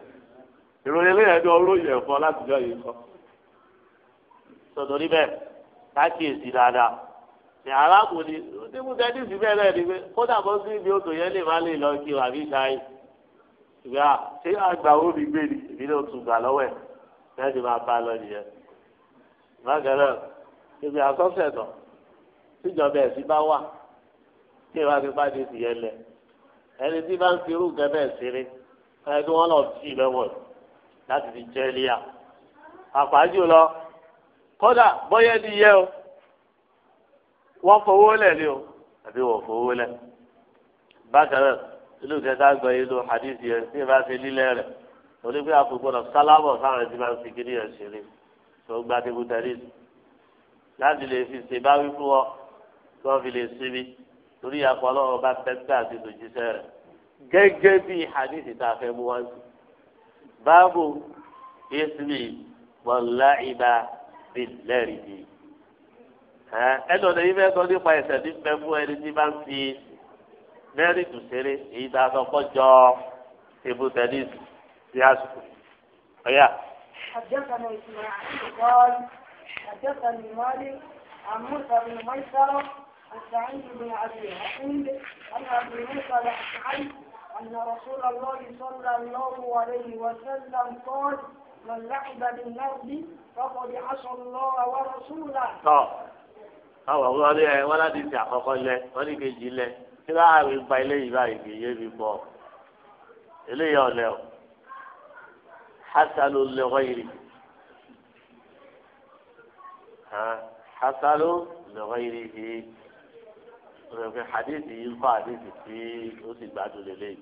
ìròyìn lẹ́yìn ẹjọ́ àròyìn ẹ̀fọ́ láti jọ yìí kọ́. sọdọ níbẹ̀ káàkiri dáadáa ní arákùnrin onímùtẹ ní ìsìnkú ẹ̀rọ ẹni pé kódà bó sí ibi odò yẹn lè má lè lọ kí wàá fi ṣáì ìgbà ṣé àgbà ó mi gbé ni ìbílẹ̀ òtún gbà lọ́wọ́ ẹ̀ láti máa bá lọ nìyẹn bákan náà ibi àkọsẹ̀ tán tíjọba bá wà tí ìwà fi bá di tìyẹn lẹ ẹni tí bá ń fi irú nǹkan bẹ́ẹ̀ ẹni tí wọ́n lọ sí ìlẹ́wọ̀n láti fi jẹ́ ẹlẹ́yà àpájù lọ kódà bóyá ẹni yẹ o wọ́n fowó lẹ̀ ni o àbí wọ́n fowó lẹ̀ bákan náà ìlú kẹta gbọ́ yìí hadith yẹn tí ìbá fi lílẹ̀ rẹ̀ onígbé àfọ̀gbọ́dọ̀ sálábọ̀ fáwọn ẹni tí máa ń fi kiri ẹ̀ ṣeré tó gba tẹ́kù tẹ́lẹ̀ láti lè fi ṣe bá wí fún ọ kí wọ́n fi lè sinmi torí àpọ̀ ọlọ́run bá tẹ́tẹ́ àti tòjíṣẹ́ rẹ̀ gẹ́gẹ́ bí hadith tá a fẹ́ mú wáyé báàbò ismi wàllá ìbá bìlẹ́rìdì ẹnu ọ̀nà yìí fẹ́ sọ nípa ẹ̀ṣẹ̀ ní mẹ́mú ẹni tí máa ń fi mẹ́rìndùn èyí tá a sọ kọjọ tẹ́kù tẹ́lẹ̀ sí sí àsìkò ọ̀yà. حدثنا اسماعيل قال حدثني مالك عن موسى بن ميسره عن بن ابي حميد عن ابي موسى الاشعري ان رسول الله صلى الله عليه وسلم قال من لعب بالنرد فقد عصى الله ورسوله. àwọn àwọn ọlọ́dẹ ẹ wọ́n láti ti àkọ́kọ́ lẹ wọ́n ní kejì lẹ kí láàrin gba eléyìí báyìí kì í yé mi bọ̀ eléyìí ọ̀lẹ́ o hasalu lẹ́gọ́yìrì hasalu lẹ́gọ́yìrì yìí rẹ̀fẹ̀ hadithi yìí kọ́ hadithi tí ó sì gbádùn lélẹ́yìn.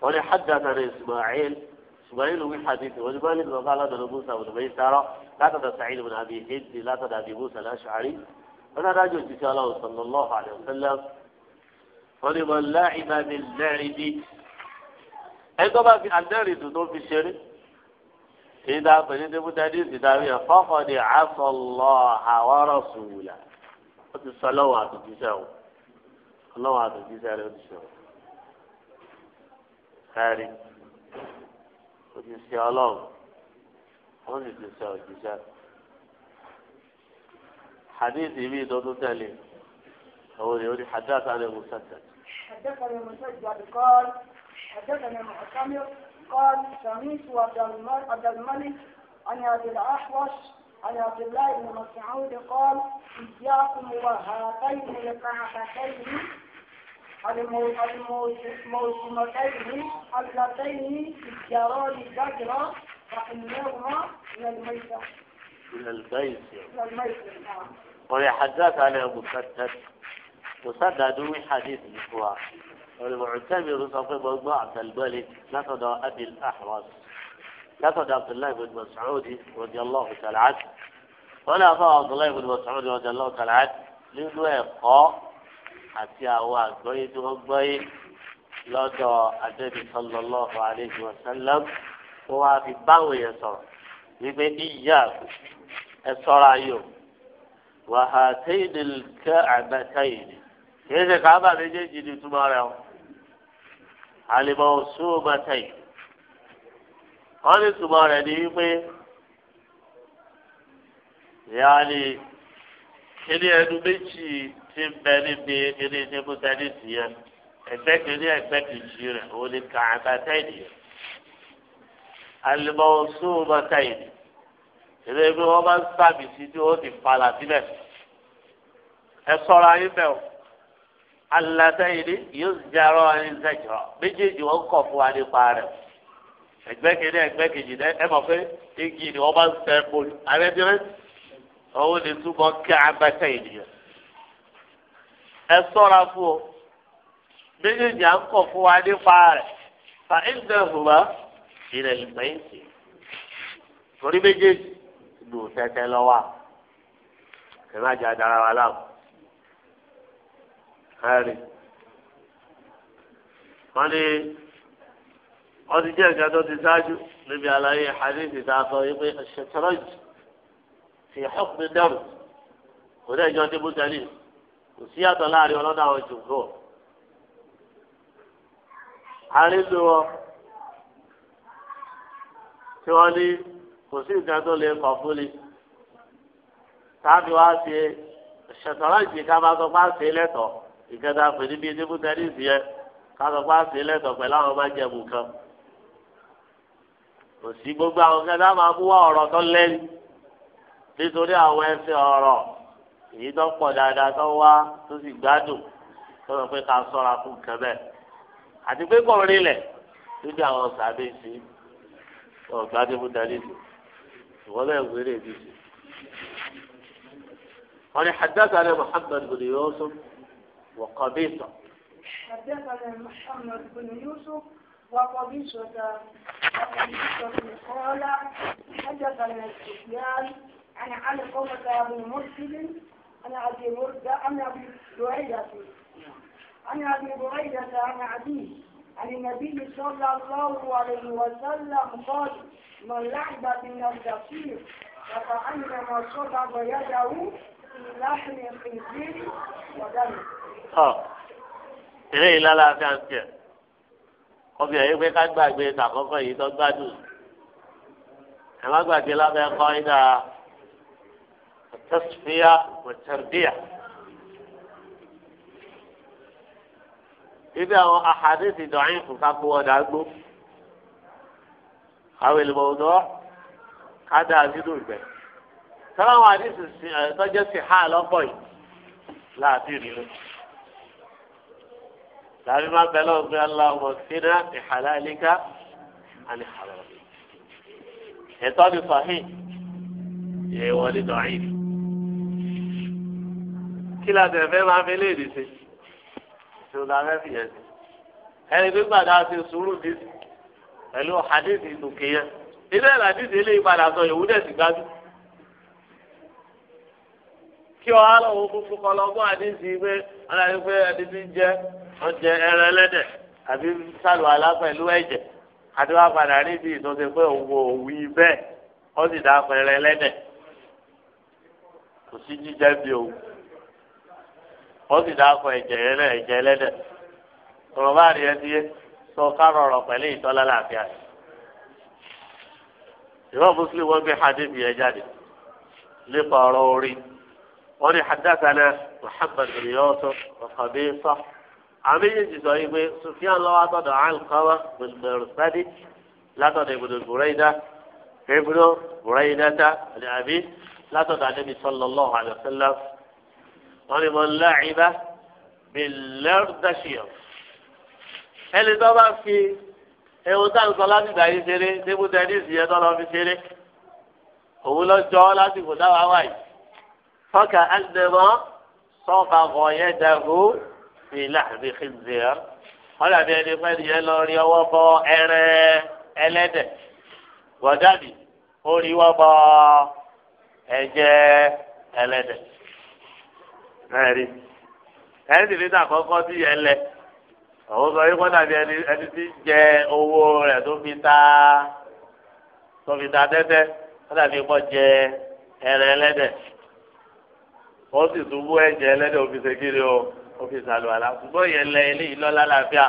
wọ́n ní haddatana ismail ismail wí hadithi wọ́n ní bá nílùú ọ̀gá aládùn musa bùn bẹ́ẹ̀ sáró látọ̀dọ̀ sa'id bùn abi hindi látọ̀dọ̀ abi musa láṣàárì wọ́n ní adájọ́ òjijì aláwọ̀ sallallahu alayhi wa sallam wọ́n ní mọ̀ láìba mi lẹ́rìí bíi ẹni tó bá fi àdẹ́rìndùn tó fi ṣeré èyí tá a pè ní débútẹ́dì ìdídárí ẹ̀ fọ́kàn ní àsọ̀lọ́ àwárọ̀ sùwùlà ó ti sọ lọ́wọ́ àtòjíṣẹ́ o lọ́wọ́ àtòjíṣẹ́ rẹ̀ ó ti ṣe o kárí ó ti ṣe ọlọ́run ó sì ti ṣe òjíṣẹ́ hadith ibi tó tún tẹ̀lé òun ni ó ní hadith alẹ́ musaddad. hadith alẹ́ musaddad kọ́. حدثنا معتمر قال سميت عبد الملك عن ابي الاحوص عن عبد الله بن مسعود قال اياكم وهاتين القعقتين الموسمتين اللتين جران بدر فانهما من الميسر من الميسر من الميسر نعم ويحدث ابو مسدد مسدد حديث مشوار. المعتمر صفيب الله البالي نفد أبي الأحرس نفد عبد الله بن مسعود رضي الله تعالى عنه ولا عبد الله بن مسعود رضي الله تعالى عنه لأنه يبقى حتى هو أكبريت وأكبري لدى النبي صلى الله عليه وسلم هو في بعض يسر لمن إياك السرايو وهاتين الكعبتين إذا كعبة لجيجي لتمارعه àlèmọ̀ ṣùgbọ́tẹ̀yì wọ́n ní túmọ̀ rẹ̀ ní wípé yàrá kíní ẹnu méjì ti ń bẹ níbi kíní níbi tẹ́lifí yẹn ẹgbẹ́ kíní ẹgbẹ́ kejì rẹ̀ òun ni kàkàtẹ́yì yẹn àlèmọ̀ ṣùgbọ́tẹ̀yì ìlú ẹgbẹ́ wọn bá ń sábì sí tí wọ́n ti falà sílẹ̀ ẹ sọ́ra yín bẹ́ẹ̀ o alatẹ́yìnì yóò jarọ́ ẹni sẹ́jọ́ méjèèjì wọn kọ̀ fún wa nípa rẹ̀ ẹgbẹ́ kejì ẹgbẹ́ kejì ẹ mọ̀ pé igi ni wọ́n bá ń sẹ́ poli arẹ́dẹ́rẹ́ òun ni túbọ̀ kí abẹ́tẹ́yìnì yẹn ẹ sọ́ra fún o méjèèjì à ń kọ̀ fún wa nípa rẹ̀ fa ẹ̀ńdẹ̀ hùwà ìrẹ̀ ìgbẹ́yìntì torí méjèèjì lù tẹ́tẹ́ lọ́wọ́ ẹ má jẹ́ adarawa láàmú hali wọn ní wọn ti jẹ́ nǹkan tó ti ṣáájú níbi àlàyé hadithi tá a sọ yìí pé ṣètìrọ́jì fi hukmi dẹ́rù kò dé ìjọ tí bùtẹ́lì kò sí yàtọ̀ láàrin ọlọ́dà àwọn jùlọ. a rí lu wọn tí wọ́n ní kò sí nǹkan tó lè kọ̀ fún ni tàbí wá ṣe ṣètìrọ́jì ká máa sọ pé à ń ṣe lẹ́tọ̀ọ́ ìkẹta pè níbi ní bútẹ́rìsì yẹn kátó pàṣẹ lẹ́tọ̀ pẹ̀lú àwọn ọmọ ajẹ́mú kan kò gbogbo àwọn kẹta máa mú wá ọ̀rọ̀ tó lẹ́nu nítorí àwọn ẹsẹ̀ ọ̀rọ̀ èyí tó pọ̀ dáadáa tó wá tó sì gbádùn tó lọ pé ká sọ́ra fún nǹkan bẹ́ẹ̀ àti pé kò rí níbi àwọn sàbẹ̀ sí ọ̀gá débútẹ́rìsì ìwọ́n bẹ́ẹ̀ wéré ìdíje. قال حدثنا محمد بن يوسف وقبيصة حدثنا محمد بن يوسف وقبيصة وقبيصة قال حدثنا سفيان عن علقمة بن مرشد عن أبي بردة عن أبي بريدة عن أبي بريدة عن عدي عن النبي صلى الله عليه وسلم قال من لعب من الكثير فكأنما صبب يده في لحم الخنزير ودمه tọ́ eré yìí lálàáfíà ń tiẹ̀ obìnrin yìí pé ká gbàgbé tàkọ́kọ́ yìí tó gbádùn ẹ má gbàgbé lábẹ́ kọ́ ìdá tẹ́sífíà wẹ̀tẹ̀rbíà. ibi àwọn àhàdìsì dọ̀yìn fún ká kó ọ̀dà gbó àwọn èlùbọ̀ ọ̀dọ́ ká dáa nínú ìgbẹ́ sọ́wọ́n àdìsì tọ́jú sí ha lọ́pọ̀ yìí láàbí ìrìnnà làbí máa bẹ lọ́wọ́ pé aláwọ̀ sínú àti halalika àni halalika. ẹ̀tọ́ ni sahih èèwọ̀ ni dọ̀yìn. kí la tẹ̀ fẹ́ máa fi léèdì sí tí o la fẹ́ fi yẹn sí. ẹni tó gbàdá ṣe sùúrù bí pẹ̀lú hadithi tòkè yẹn. ilé ìlàdíje lè padà sọ ìwúdẹ̀ sí gbájú kí ọ á fúnfún kọ lọ àdéhùn sí pé ọlọ́run pé wọ́n jẹ ẹran ẹlẹ́dẹ̀ àbí sálù salu pẹ̀lú ẹ̀jẹ̀ àdúrà padà níbi ìtọ́sẹ̀ pé òwò òwì bẹ́ẹ̀ wọ́n sì dá pẹ̀rẹ̀ ẹlẹ́dẹ̀ kò sí jíjẹ bí òwò wọ́n sì dá pẹ̀ ẹ̀jẹ̀ ẹlẹ́ ẹ̀jẹ̀ ẹlẹ́dẹ̀ ọ̀rọ̀ bá rí ẹtí yé sọ kárọ̀ pẹ̀lú ìtọ́lá ìwọ́n mùsùlùmí wọ́n gbé hadith yẹn jáde nípa ọ̀rọ̀ orí wọ́n ní wa عميل جزائيه سفيان لو عطد علقوة بالمرصد لطد ابن البريدة ابن بريدة الأبي لطد النبي صلى الله عليه وسلم ولمن لعب باللردشية هل دابا في هو ده الصلاة دي سيري دي مداني زيادة في سيري هو لا جوالا دي هو ده فكأنما صفى غايته fi láàbí xinzìyàn wọn làbí ẹni fẹ́ ni ẹ lọ rí ọwọ́ bọ ẹrẹ ẹlẹ́dẹ̀ bọ̀dàbí ó rí ọwọ́ bọ ẹ̀jẹ̀ ẹlẹ́dẹ̀ ẹ̀rí ẹ̀rí ti fi ta kọ́kọ́ sí ẹlẹ òun sọ yìí kọ́ dàbí ẹni ẹni tí jẹ owó rẹ̀ tó fi ta tó fi ta tẹ́tẹ́ kọ́ dàbí kọ́ jẹ ẹrẹ ẹlẹ́dẹ̀ ó sì tún bú ẹ̀jẹ̀ ẹlẹ́dẹ̀ òfin ṣe kiri o ọ́fíìsì àlùwàlà ṣùgbọ́n yẹn lẹ eléyìí lọ́la láàbíà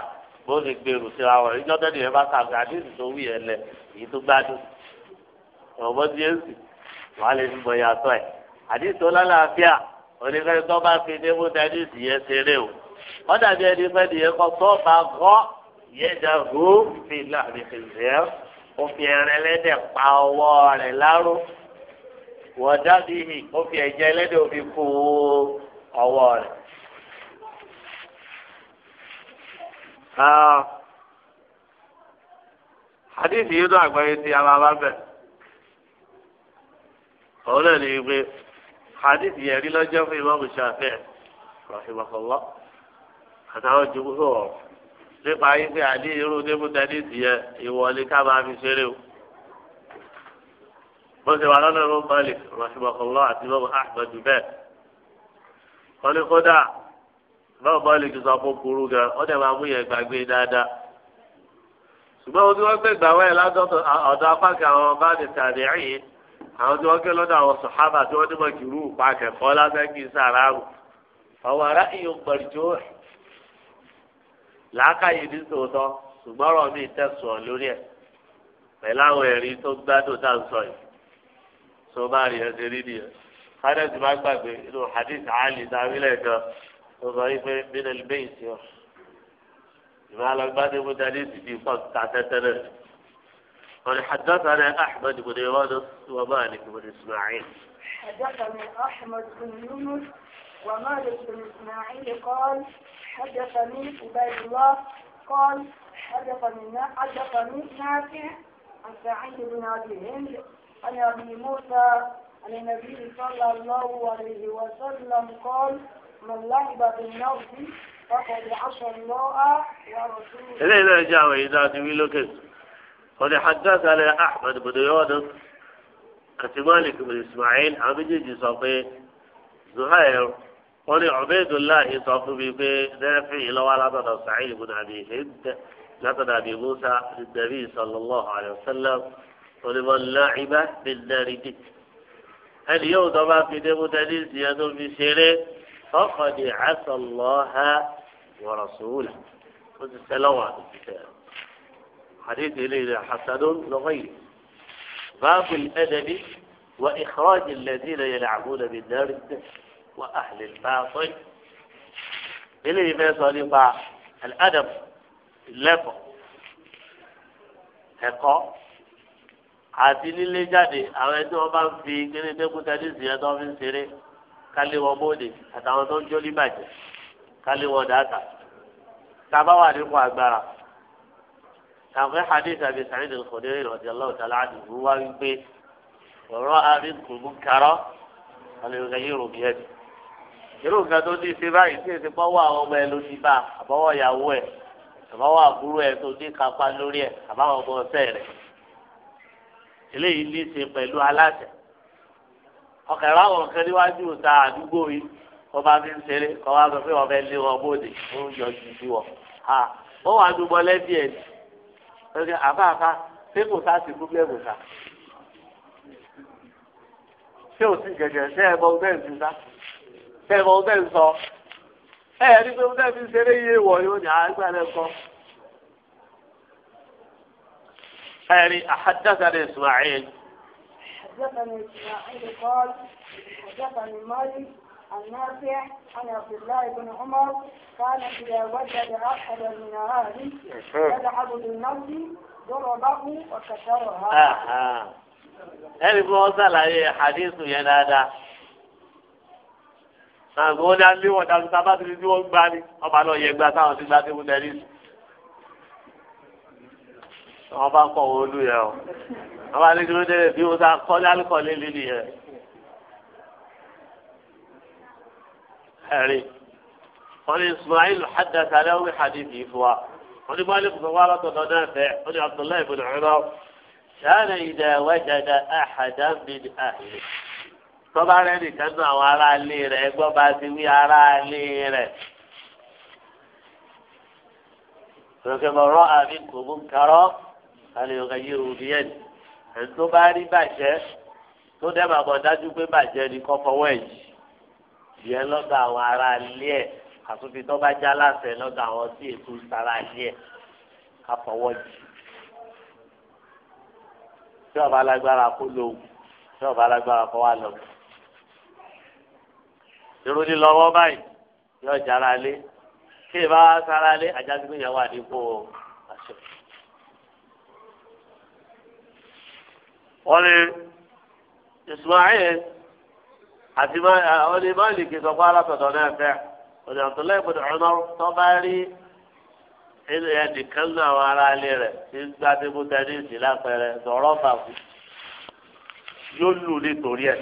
bó lè gbèrú sí àwọn ìjọ tẹ́lẹ̀ yẹn bá kàwé àdéhùn tó wù yẹn lẹ èyí tó gbádùn ọ̀bọ tí yẹn sì wàá lè fi bọ̀yà tọ́ ẹ̀ àdéhùn tó lálàáfíà oníkẹ́ni tó bá fi dé fún àdéhùn yẹn ṣeré o wọ́n dàbí ẹni fẹ́ nìyẹn kọ́ tó bá gọ́ yẹn dà hó fi láàrin fìlẹ́ ó fi ẹrẹ lẹ́dẹ̀ pa ọwọ́ rẹ̀ láró wọ́n dàbí ó Ah. hadith yìí ló àgbáyé tí a máa bá bẹ̀. òun náà ní wípé hadith yẹn rí lọ́jọ́ fún Imam Shafi'i rahimahullah àtàwọn jùmọ̀ sọ̀rọ̀ nípa yìí pé àdé irú débùtẹ́lì tiẹ̀ ìwọlé ká máa fi ṣeré o. bó ṣe wà lọ́nà Imam Malik rahimahullah àti Imam Ahmad bẹ́ẹ̀. wọ́n kódà báwo bá lè sọ fún burú gan wọ́n dẹ̀ máa mú yẹn gbàgbé dáadáa ṣùgbọ́n ohun tí wọ́n gbé gbà wáyé ládọ́tọ̀ ọ̀dọ̀ apá kan àwọn bá ti tàdé ẹ̀yìn àwọn tí wọ́n gbé lọ́dọ̀ àwọn sọ̀hábà tí wọ́n ní mọ̀ kìrú pa kẹ̀kọ́ lásán kì í sàràrù àwọn ará ìyó gbọ̀rìjó rẹ̀ làákàyè ní tòótọ́ ṣùgbọ́n ọ̀rọ̀ mi tẹ̀sùn وضعيف من البيت ما لك بعد المدارس في فصل تعتتنا قال حدثنا أحمد بن يونس ومالك بن إسماعيل حدثنا أحمد بن يونس ومالك بن إسماعيل قال حدثني عبيد الله قال حدثني حدثني نافع عن سعيد بن أبي هند عن أبي موسى عن النبي صلى الله عليه وسلم قال eléyìí náà jẹ́ àwọn èyí náà ti wí lókè ọ̀dẹ̀ hajjásálẹ̀ ahmed bùdóyọ́dún àti malik bin ismail àwọn méjèèjì sọ pé zuhair wọn ní ọ̀bẹ́dùláhì sọ fún mi pé dẹ́rẹ́fì ìlọ́wọ́ látọ̀dọ̀ sàáyìn ibùdó àbí ìhìndẹ́ látọ̀dọ̀ àbí musa ìdẹ̀bí sallallahu alayhi wa sallam onímọ̀ láìbá bin nàrídì ẹni yóò dọ́ bá fi dé mú tẹ́lí ìsìyẹn tó fi ṣeré faqad asa Allaha wa rasulahu ó ti sẹ́lọ̀wọ̀ àti tẹ̀. حديث إليه حسد لغيره باب الأدب وإخراج الذين يلعبون بالنار وأهل الباطل إليه ما صنفع الأدب lẹ́kọ̀ọ́ ẹ̀kọ́ àti lílé jáde àwọn ẹni tí wọ́n bá ń fi kíní dẹ́kun tẹ́lẹ̀ sí ẹ̀tọ́ fi ń ṣeré kálé wọn bóde àtàwọn tó ń jó níbàjẹ́ kálé wọn dàtà tàbá wà nípò agbára tàbí hadith Abi Sa'id al-Khudri radiyallahu ta'ala anhu wá wípé ọ̀rọ̀ àríkù múkàrọ̀ àlèkè yìí rògbì ẹ̀ irú nǹkan tó ní ìṣe báyìí tí èsì pọ́wọ́ àwọn ọmọ ẹ ló ti bá àbọ̀wọ̀ ìyàwó ẹ̀ àbọ̀wọ̀ àbúrò ẹ̀ tó ní kápá lórí ẹ̀ àbáwọn ọmọ ọ̀sẹ̀ rẹ̀ eléyìí ní í ṣe pẹ̀lú aláṣẹ ọkàn ìwà àwọn kan níwájú ta àdúgbò yìí kọ́ bá fi ń ṣeré kọ́ wá sọ pé wọ́n fẹ́ lé wọn bóde ó ń yọjú sí wọn. ó wàá dúbọ lẹ́bí ẹ̀ ní àbáàbá ṣé kò sá sí púpẹ́ẹ̀mù ká ṣé ò sí gẹ̀gẹ̀ ṣé ẹ mọ ọgbẹ́ ìsìn sá ṣé ẹ mọ ọgbẹ́ ìsọ ẹ ẹ ní pé ọgbẹ́ fi ń ṣeré yé wọ̀ yóò ní àgbà ah, lẹ́kọ̀ọ́. ẹ̀rí àhájáde Ismail. حدثني اسماعيل قال حدثني مالك النافع عن عبد الله بن عمر كان اذا وجد احدا من اهله يذهب بالنفس ضربه وكسرها. ẹnì kí wọ́n ṣàlàyé hadithu yẹn dáadáa àgbọn ó dá lé wọn dáadáa tá a tí wọ́n gbá ni ọba náà yẹ gbá táwọn ti gbá tí wọ́n tẹ̀lé sí. wọ́n bá kọ̀ wọ́n olú yẹn o àwọn adigun dé bí wọn sá kọjá kọlé lílì yẹn ẹrí wọn ni Ismail haddatha aláwọ hadithi fún wa wọn ni Malik sọ wà látọ̀dọ̀ náà fẹ́ wọn ni Abdullahi bin Umar sànà ìdá wajada ahadan min ahli tọ́ba rẹ nìkan náà àwọn aráalé rẹ ẹgbọ́n bá ti wí aráalé rẹ. Rọ̀kẹ̀mọ̀rọ̀ àbí kò mú karọ́ àlè ọ̀gá yìí ò bí ẹni tó bá rí bàjẹ́ tó dẹ́ máa mọ̀ dájú pé bàjẹ́ ni kọ́ fọwọ́ ẹ̀ yìí ìyẹn lọ́dọ̀ àwọn ará ilé ẹ̀ àtúntì tó bá já láṣẹ lọ́dọ̀ àwọn tí ètò ìsara ilé ẹ̀ ká fọwọ́ jì tí ọba alágbára kó lò ó tí ọba alágbára kó wá lọ. irú ni lọ́wọ́ báyìí yóò jára lé kí ìbá wa sára lé àjálù ìgbéyàwó àdínkù àṣẹ. wọ́n ní Ismail àti wọ́n ní Máàlìkì sọ fún alátọ̀dọ̀ náà fẹ́ ọ̀dọ̀ Abdullahi ibùdó ọ̀nà tọ́ba rí ẹnìkan náà àwọn ará ilé rẹ̀ ti ń gbá débú tẹ́nísì lápẹẹrẹ sọ̀rọ̀ bàbú yóò lù nítorí ẹ̀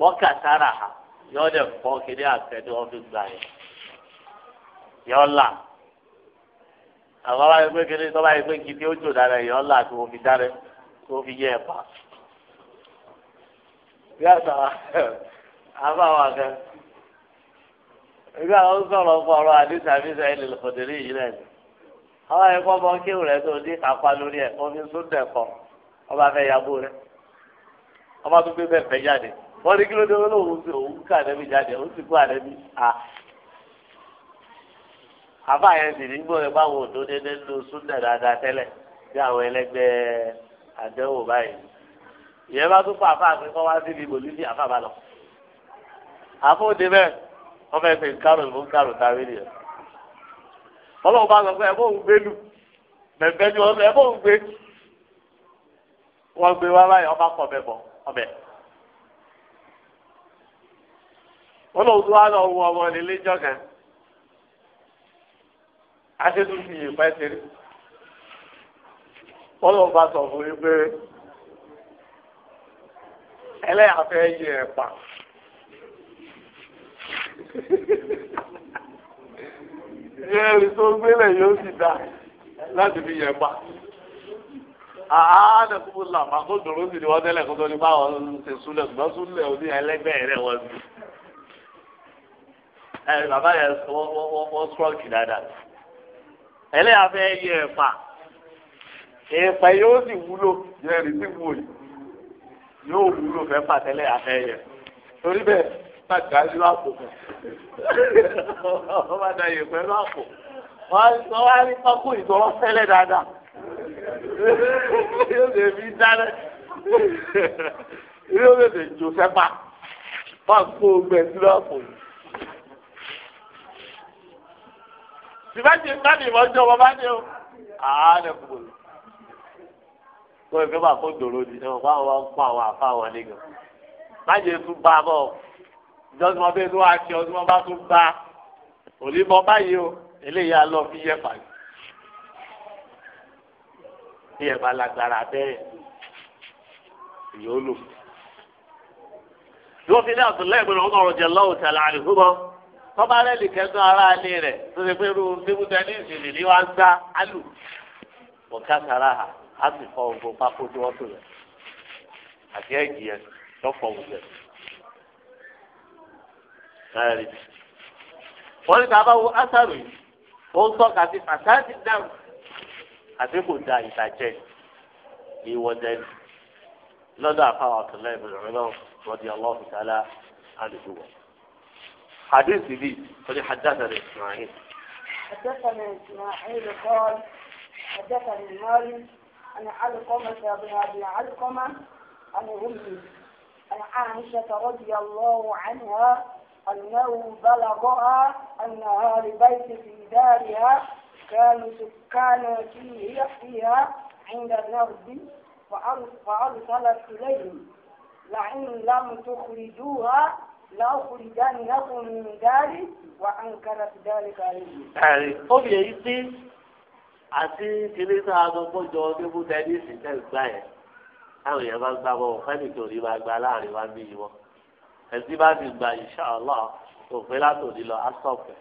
wọ́n kà sára ha yọ dẹ̀ fọ́ kiri àtẹ̀dé wọn fi gbà yẹn yọ là àwọn bá yẹ pé kiri tọ́ba yẹ pé kiri ó jò dára yọ là tó o dára. tó fi yẹ ẹ pa. bí àtà àbáwá kan ìgbà ó sọ̀rọ̀ fún ọ̀rọ̀ àdìsá bí sẹ́yìn lè yìí rẹ̀ ni. àwọn ẹ̀kọ́ ọmọ kéwù rẹ̀ tó kápá lórí ẹ̀ omi sódà ẹ̀kọ́ ọba fẹ́ yabó rẹ̀ ọba tó gbé bẹ́ẹ̀ fẹ́ jáde wọ́n ní kí ló dé sí òun àdẹ́bí jáde òun sì àdẹ́bí àbá yẹn sì báwo dáadáa tẹ́lẹ̀ àdéhùn báyìí ìyẹn bá tún fún àfa àfi kọ́ wá síbi bolivia àfa bá lọ. àfọ̀dé bẹ́ẹ̀ wọ́n fẹ́ fi nkárò ló ń kárò táwé nìyẹn. ọlọ́run bá sọ pé ẹ bóun gbé lù bẹ̀bẹ̀ ni wọ́n sọ ẹ bóun gbé. wọ́n gbé wá báyìí ọba kọ̀ bẹ́ẹ̀ bọ̀ ọbẹ̀. wọ́n lọ tún wá lọ wọ ọmọ nílé jọ kan. a tún fi yìí pẹ́ ṣeré kọ́lọ́ bá sọ fún yín pé ẹlẹ́yà fẹ́ yẹ ẹ̀ pa. yẹ ẹ̀rí tó gbélé yóò sì dá láti fi yẹ pa. àádọ́ tó bó làmà kó dòró sí ni wọ́n tẹ́lẹ̀ kó ní báwọn ń ṣe súnlẹ̀ ṣùgbọ́n súnlẹ̀ òní ẹlẹ́gbẹ̀ẹ́ rẹ̀ wọ́n sí. ẹ bàbá yẹn wọ́n wọ́n wọ́n strọ́ọ̀kì dáadáa. ẹlẹ́yà fẹ́ yẹ ẹ̀ pa èèpẹ̀ yóò sì wúlò yẹn rí sí wò yìí yóò wúlò fẹ́ pàtẹ́lẹ̀ àfẹ́yẹ torí bẹ́ẹ̀ má gà á lọ àpò kan wọ́n má da èèpẹ̀ lọ àpò wọ́n wá rí pákó ìtọ́wọ́ fẹ́lẹ́ dáadáa yóò lè fi dáná yóò lè lè jò sẹ́pà má kó gbẹ sílọ àpò yìí. Sìbájì ń bá mi ìwọ́jọ́ wọn bá dé o. Àá lè kúrò kó o fẹ́ bá kó dòrò di ẹ̀wọ̀n fáwọn wa ń kó àwọn àfa wọn ní gan. má jẹ́ tún bá a bọ̀ ìjọsìn wọn bẹ́ẹ̀ tó wá ṣe ọdún wọn bá tún bá a òní mọ báyìí o eléyà lọ fi yẹ pàdé. bí ẹ̀ bá lágbára bẹ́ẹ̀ yóò lò. bí fi ní àtúntò lẹ́yìn pẹ̀lú ọ̀rọ̀ jẹ lọ́wọ́ tẹ̀lé àdìgúnmọ́ tọ́ba rẹ̀ kẹ́tọ́ ara ilé rẹ̀ tó ṣe pé irú tébùtẹ́nìsì nìyí wá ń gbá alù mọ̀ká sára hà á sì fọ gbogbo pákó tí wọ́n tò yẹn àti ẹ̀gì yẹn lọ́fọ̀ gbogbo ẹ̀. wọ́n ní ká bá wo ásàrò yìí ó ń tọ́ka sí fàtàdì dáhùn àti kò da ìtàjẹ ìwọ́dẹ lọ́dọ̀ àfáwọn ọ̀túnlẹ̀ ìbẹ̀rẹ̀ náà rọ́dí ọlọ́run tààlà àdúgbò. حديث لي قد حدثنا اسماعيل حدثنا اسماعيل قال حدثني مالك عن علقمة بن أبي علقمة عن أمي عن عائشة رضي الله عنها أنه بلغها أن أهل بيت في دارها كانوا سكان فيه فيها عند النرد فأرسلت إليهم لعن لم تخرجوها لأخرجنكم من داري وأنكرت ذلك عليهم. àti kìnìún náà agbọ́gbọ́jọ débù tẹ́nísì tẹ́ gbá yẹn táwọn èèyàn bá gbá bọ́ fẹ́ni tòní máa gba láàrin wa bí wọn ẹtí bá ti gba ìṣàlọ́ òfin látòní lọ asọ́pẹ̀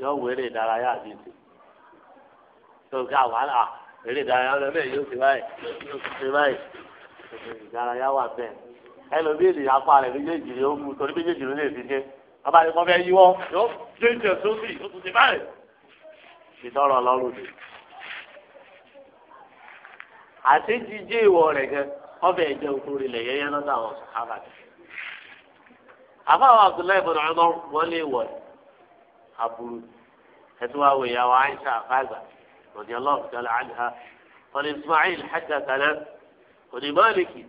yọ wéré ìdárayá àti ìdè tó ká wàhálà eré ìdárayá lọ bẹ́ẹ̀ yóò ti báyìí yóò ti ṣe báyìí ìdárayá wà bẹ́ẹ̀ ẹlòmíì ní apá rẹ̀ méjèèjì ló mú torí méjèèjì ló lè fi ṣe ọba ìkọ́fẹ́ yíwọ́ yóò ṣe ìṣẹ̀ sóbì ó tún ti báyìí ìdọ́rọ̀ lọ́rùn ni. àti jíjí ìwọ rẹ̀ gan ọbẹ̀ ẹ̀jẹ̀ òkúri lẹ̀ yẹ́yẹ́ lọ́dọ̀ àwọn sàhábà rẹ̀. àfáwọn Abdullahi ibn Umar wọ́n lè wọ̀ aburú ẹtú wa wòye àwọn Aisha àfáàgbà rọ̀dí ọlọ́ọ̀fù tẹ́lẹ̀ àdìhà wọ́n Ismail hajjatana òní Málìkì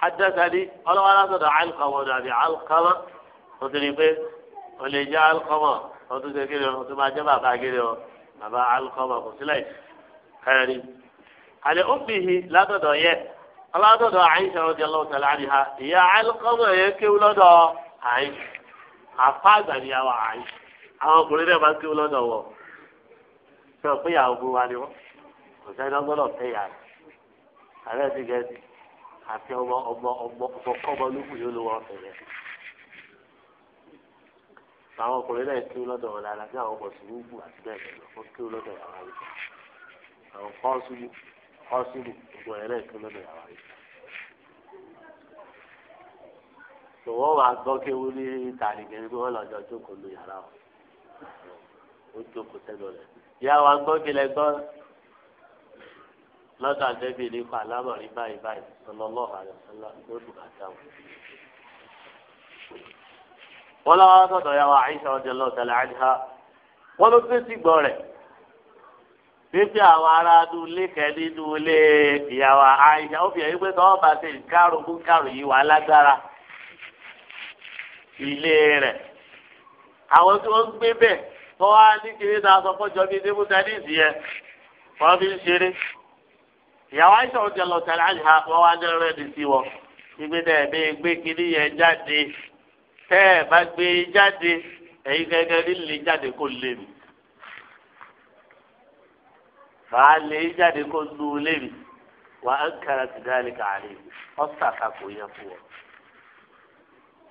hajjatani ọlọ́wọ́ alásọ̀dọ̀ alùkọ̀mọ̀ nàbí alùkọ̀mọ̀ ó pé ó lè jẹ́ alùkọ̀mọ̀ bàbá alukọ́mọ kò sílẹ̀ kẹrì. àlẹ́ òbíhi látọ̀dọ̀ yẹ ọlọ́dọ̀dọ̀ àyíṣẹ́ ọdí ọlọ́wọ́ tẹ̀lé àdìhà ìyá alukọ́mọ yẹn kéwú lọ́dọ̀ àyíṣ àfa àgbàdìyàwó àyíṣ àwọn ọkùnrin náà máa ń kéwú lọ́dọ̀ wọ̀ sọ pé ìyàwó gbó wa ni wọ́n kò sẹ́ni ọgbọ́dọ̀ fẹ́ ìyá rẹ̀ àrẹ́ ti gẹ̀ẹ́sì àti ọmọ ọmọ ọmọ ọmọ kọ́mọ lókùn yóò lówó ọ̀fẹ́ yẹn àwọn ọkùnrin náà kí lọ́dọ̀ wọn lára sí àwọn ọkùnrin gbogbo àti bẹ́ẹ̀ bẹ́ẹ̀ lọ wọ́n kí lọ́dọ̀ yàrá rẹ̀ àwọn kọ́ọ̀sìlù kọ́ọ̀sìlù gbogbo ẹ̀ náà kí lọ́dọ̀ yàrá rẹ̀. tòwọ́ wà gbọ́ kéwu ní tàlìkiri bí wọ́n lọ́jọ́ jókòó lu yàrá wọn ó jókòó sẹ́dọ̀ rẹ̀. ìyá wa gbọ́ kílẹ̀ gbọ́ lọ́dọ̀ àdẹ́bí nípa alámọ̀rí báyìí báyìí sọlọ́lọ́ọ̀ wọn lọ wọn sọdọ yà wà àyíṣà ọjọ lọ tẹlẹ àyíṣà wọn ló gbé sí gbọ rẹ pépé àwọn ará dúlé kẹlí dúlé ìyàwó àyíṣà ó fi ẹ̀yìn pé bá ilé rẹ àwọn tí wọ́n gbé ní kiri náà sọ fi ń ṣeré ìyàwó ọjọ lọ wọn wá ní tẹ́ ẹ bá gbé jáde ẹ̀yin jáde kó lé mi bàá lè jáde kó lu lé mi wà á kára ti káàlì ọ̀sà kakò yẹ fún ọ.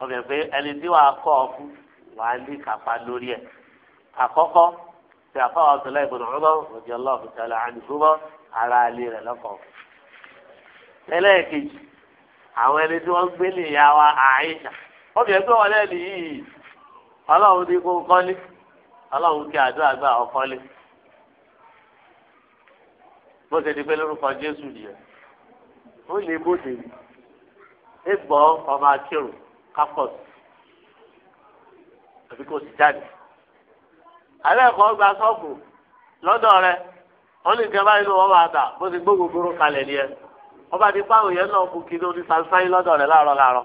ọbẹ̀ pé ẹni tí wàá kọ́ ọ fún kápá lórí àkọ́kọ́ tí ara alẹ́ wa wọ́n fi ẹgbẹ́ wọn lẹ́nu yìí ọlọ́run ní kó kọ́lé ọlọ́run kí àdúrà gbà ọ kọ́lé bó ṣe di pé lórúkọ jésù nìyẹn ó lè bóde ní ọmọ akérò kápọ̀t àbí kò jáde alẹ́ ẹ̀kọ́ gba lọ́dọ̀ rẹ wọ́n báyìí ló wọ́n máa tà bó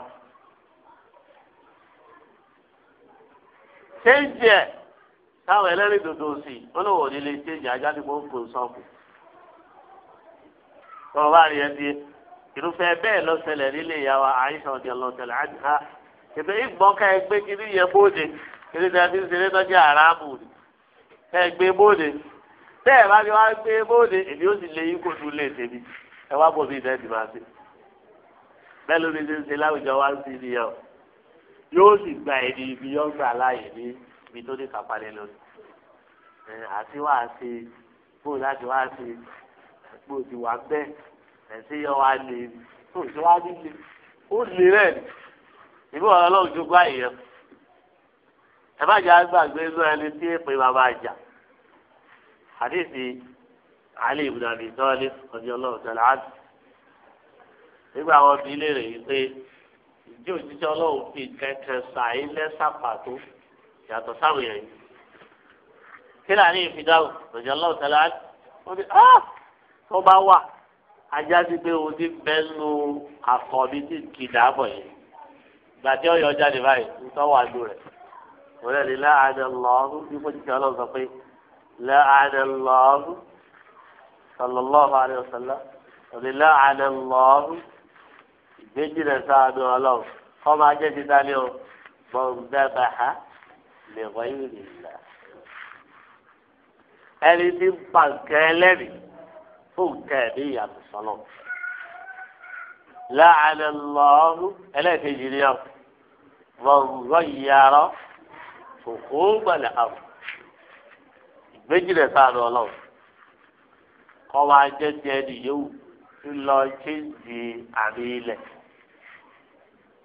ti change ẹ̀ táwọn ẹlẹ́rìí dòdò sí i ó lóun ní lè ṣéǹjì ajá ni mo ń fò sọ́ọ̀kù. tọ́wọ́ bá rí ẹ irúfẹ́ bẹ́ẹ̀ ló nílé ìyàwó àyíṣà ọ̀dẹ ọlọ́tẹ̀lẹ̀ àdìhá ètò ìgbọ́nká kiri yẹ bóde kiri ní ẹbí ṣeré tọ́jú àràbù ni ẹgbẹ́ bóde bẹ́ẹ̀ bá ní wàá gbé bóde èmi ó sì lé yín kó tún lè tèmi ẹ wá yóò sì gba ẹni ibi yóò gbà láàyè ní ibi tó ní kápálẹ lónìí ẹ àti wàá ṣe bóun láti wàá ṣe bó ti wà bẹ́ẹ̀ ẹ̀sìn yọ wá lè tó ti wá nílé ó lè rẹ̀ ìbí ọ̀rọ̀ ọlọ́run tó gbá ìyẹn ẹ má jẹ́ àgbàgbé inú ẹni tí èpè bàbá àjà àdéhìí Ali ibùdó àbí sọ́ọ́lé ọ̀dí ọlọ́run tẹ̀lé àdùn nígbà wọn fi léèrè yìí pé ìdí òjijì ọlọ́run fi kẹ̀kẹ́ sàáyé lẹ́sà pàtó yàtọ̀ sáwọn èèyàn yìí. kí láàrin ìfidáhùn lòdì ọlọ́run tẹ́lẹ̀ á wọ́n ti tó bá wà ajá ti pé o ti bẹ́nu àfọ̀bí tí kì í dàbọ̀ yìí. ìgbà tí ó yọ jáde báyìí ń tọ́wọ́ àdó rẹ̀. òun ẹ̀rí láàánú lọ́ọ́rù bí kò jíjẹ ọlọ́run sọ pé láàánú lọ́ọ́rù sọlọ́lọ́ọ̀ méjì rẹ̀ sáájú ọlọ́run kọ́ máa jẹ́ ti dání o gbọ̀ngbẹ́bàá lè wáyé nìyà. ẹni tí ń pa nǹkan ẹlẹ́rìí fún nǹkan ẹ̀mí ìyàtọ̀ sọ́nà. láàánú lọ́ọ́rù ẹlẹ́ẹ̀kejì ni ọ gbọ̀ngbọ́ ìyàrá kòkó gbọ̀nà àrùn. méjì rẹ̀ sáájú ọlọ́run kọ́ jẹ́ ti ẹni yóò lọ ṣe ń àmì ilẹ̀.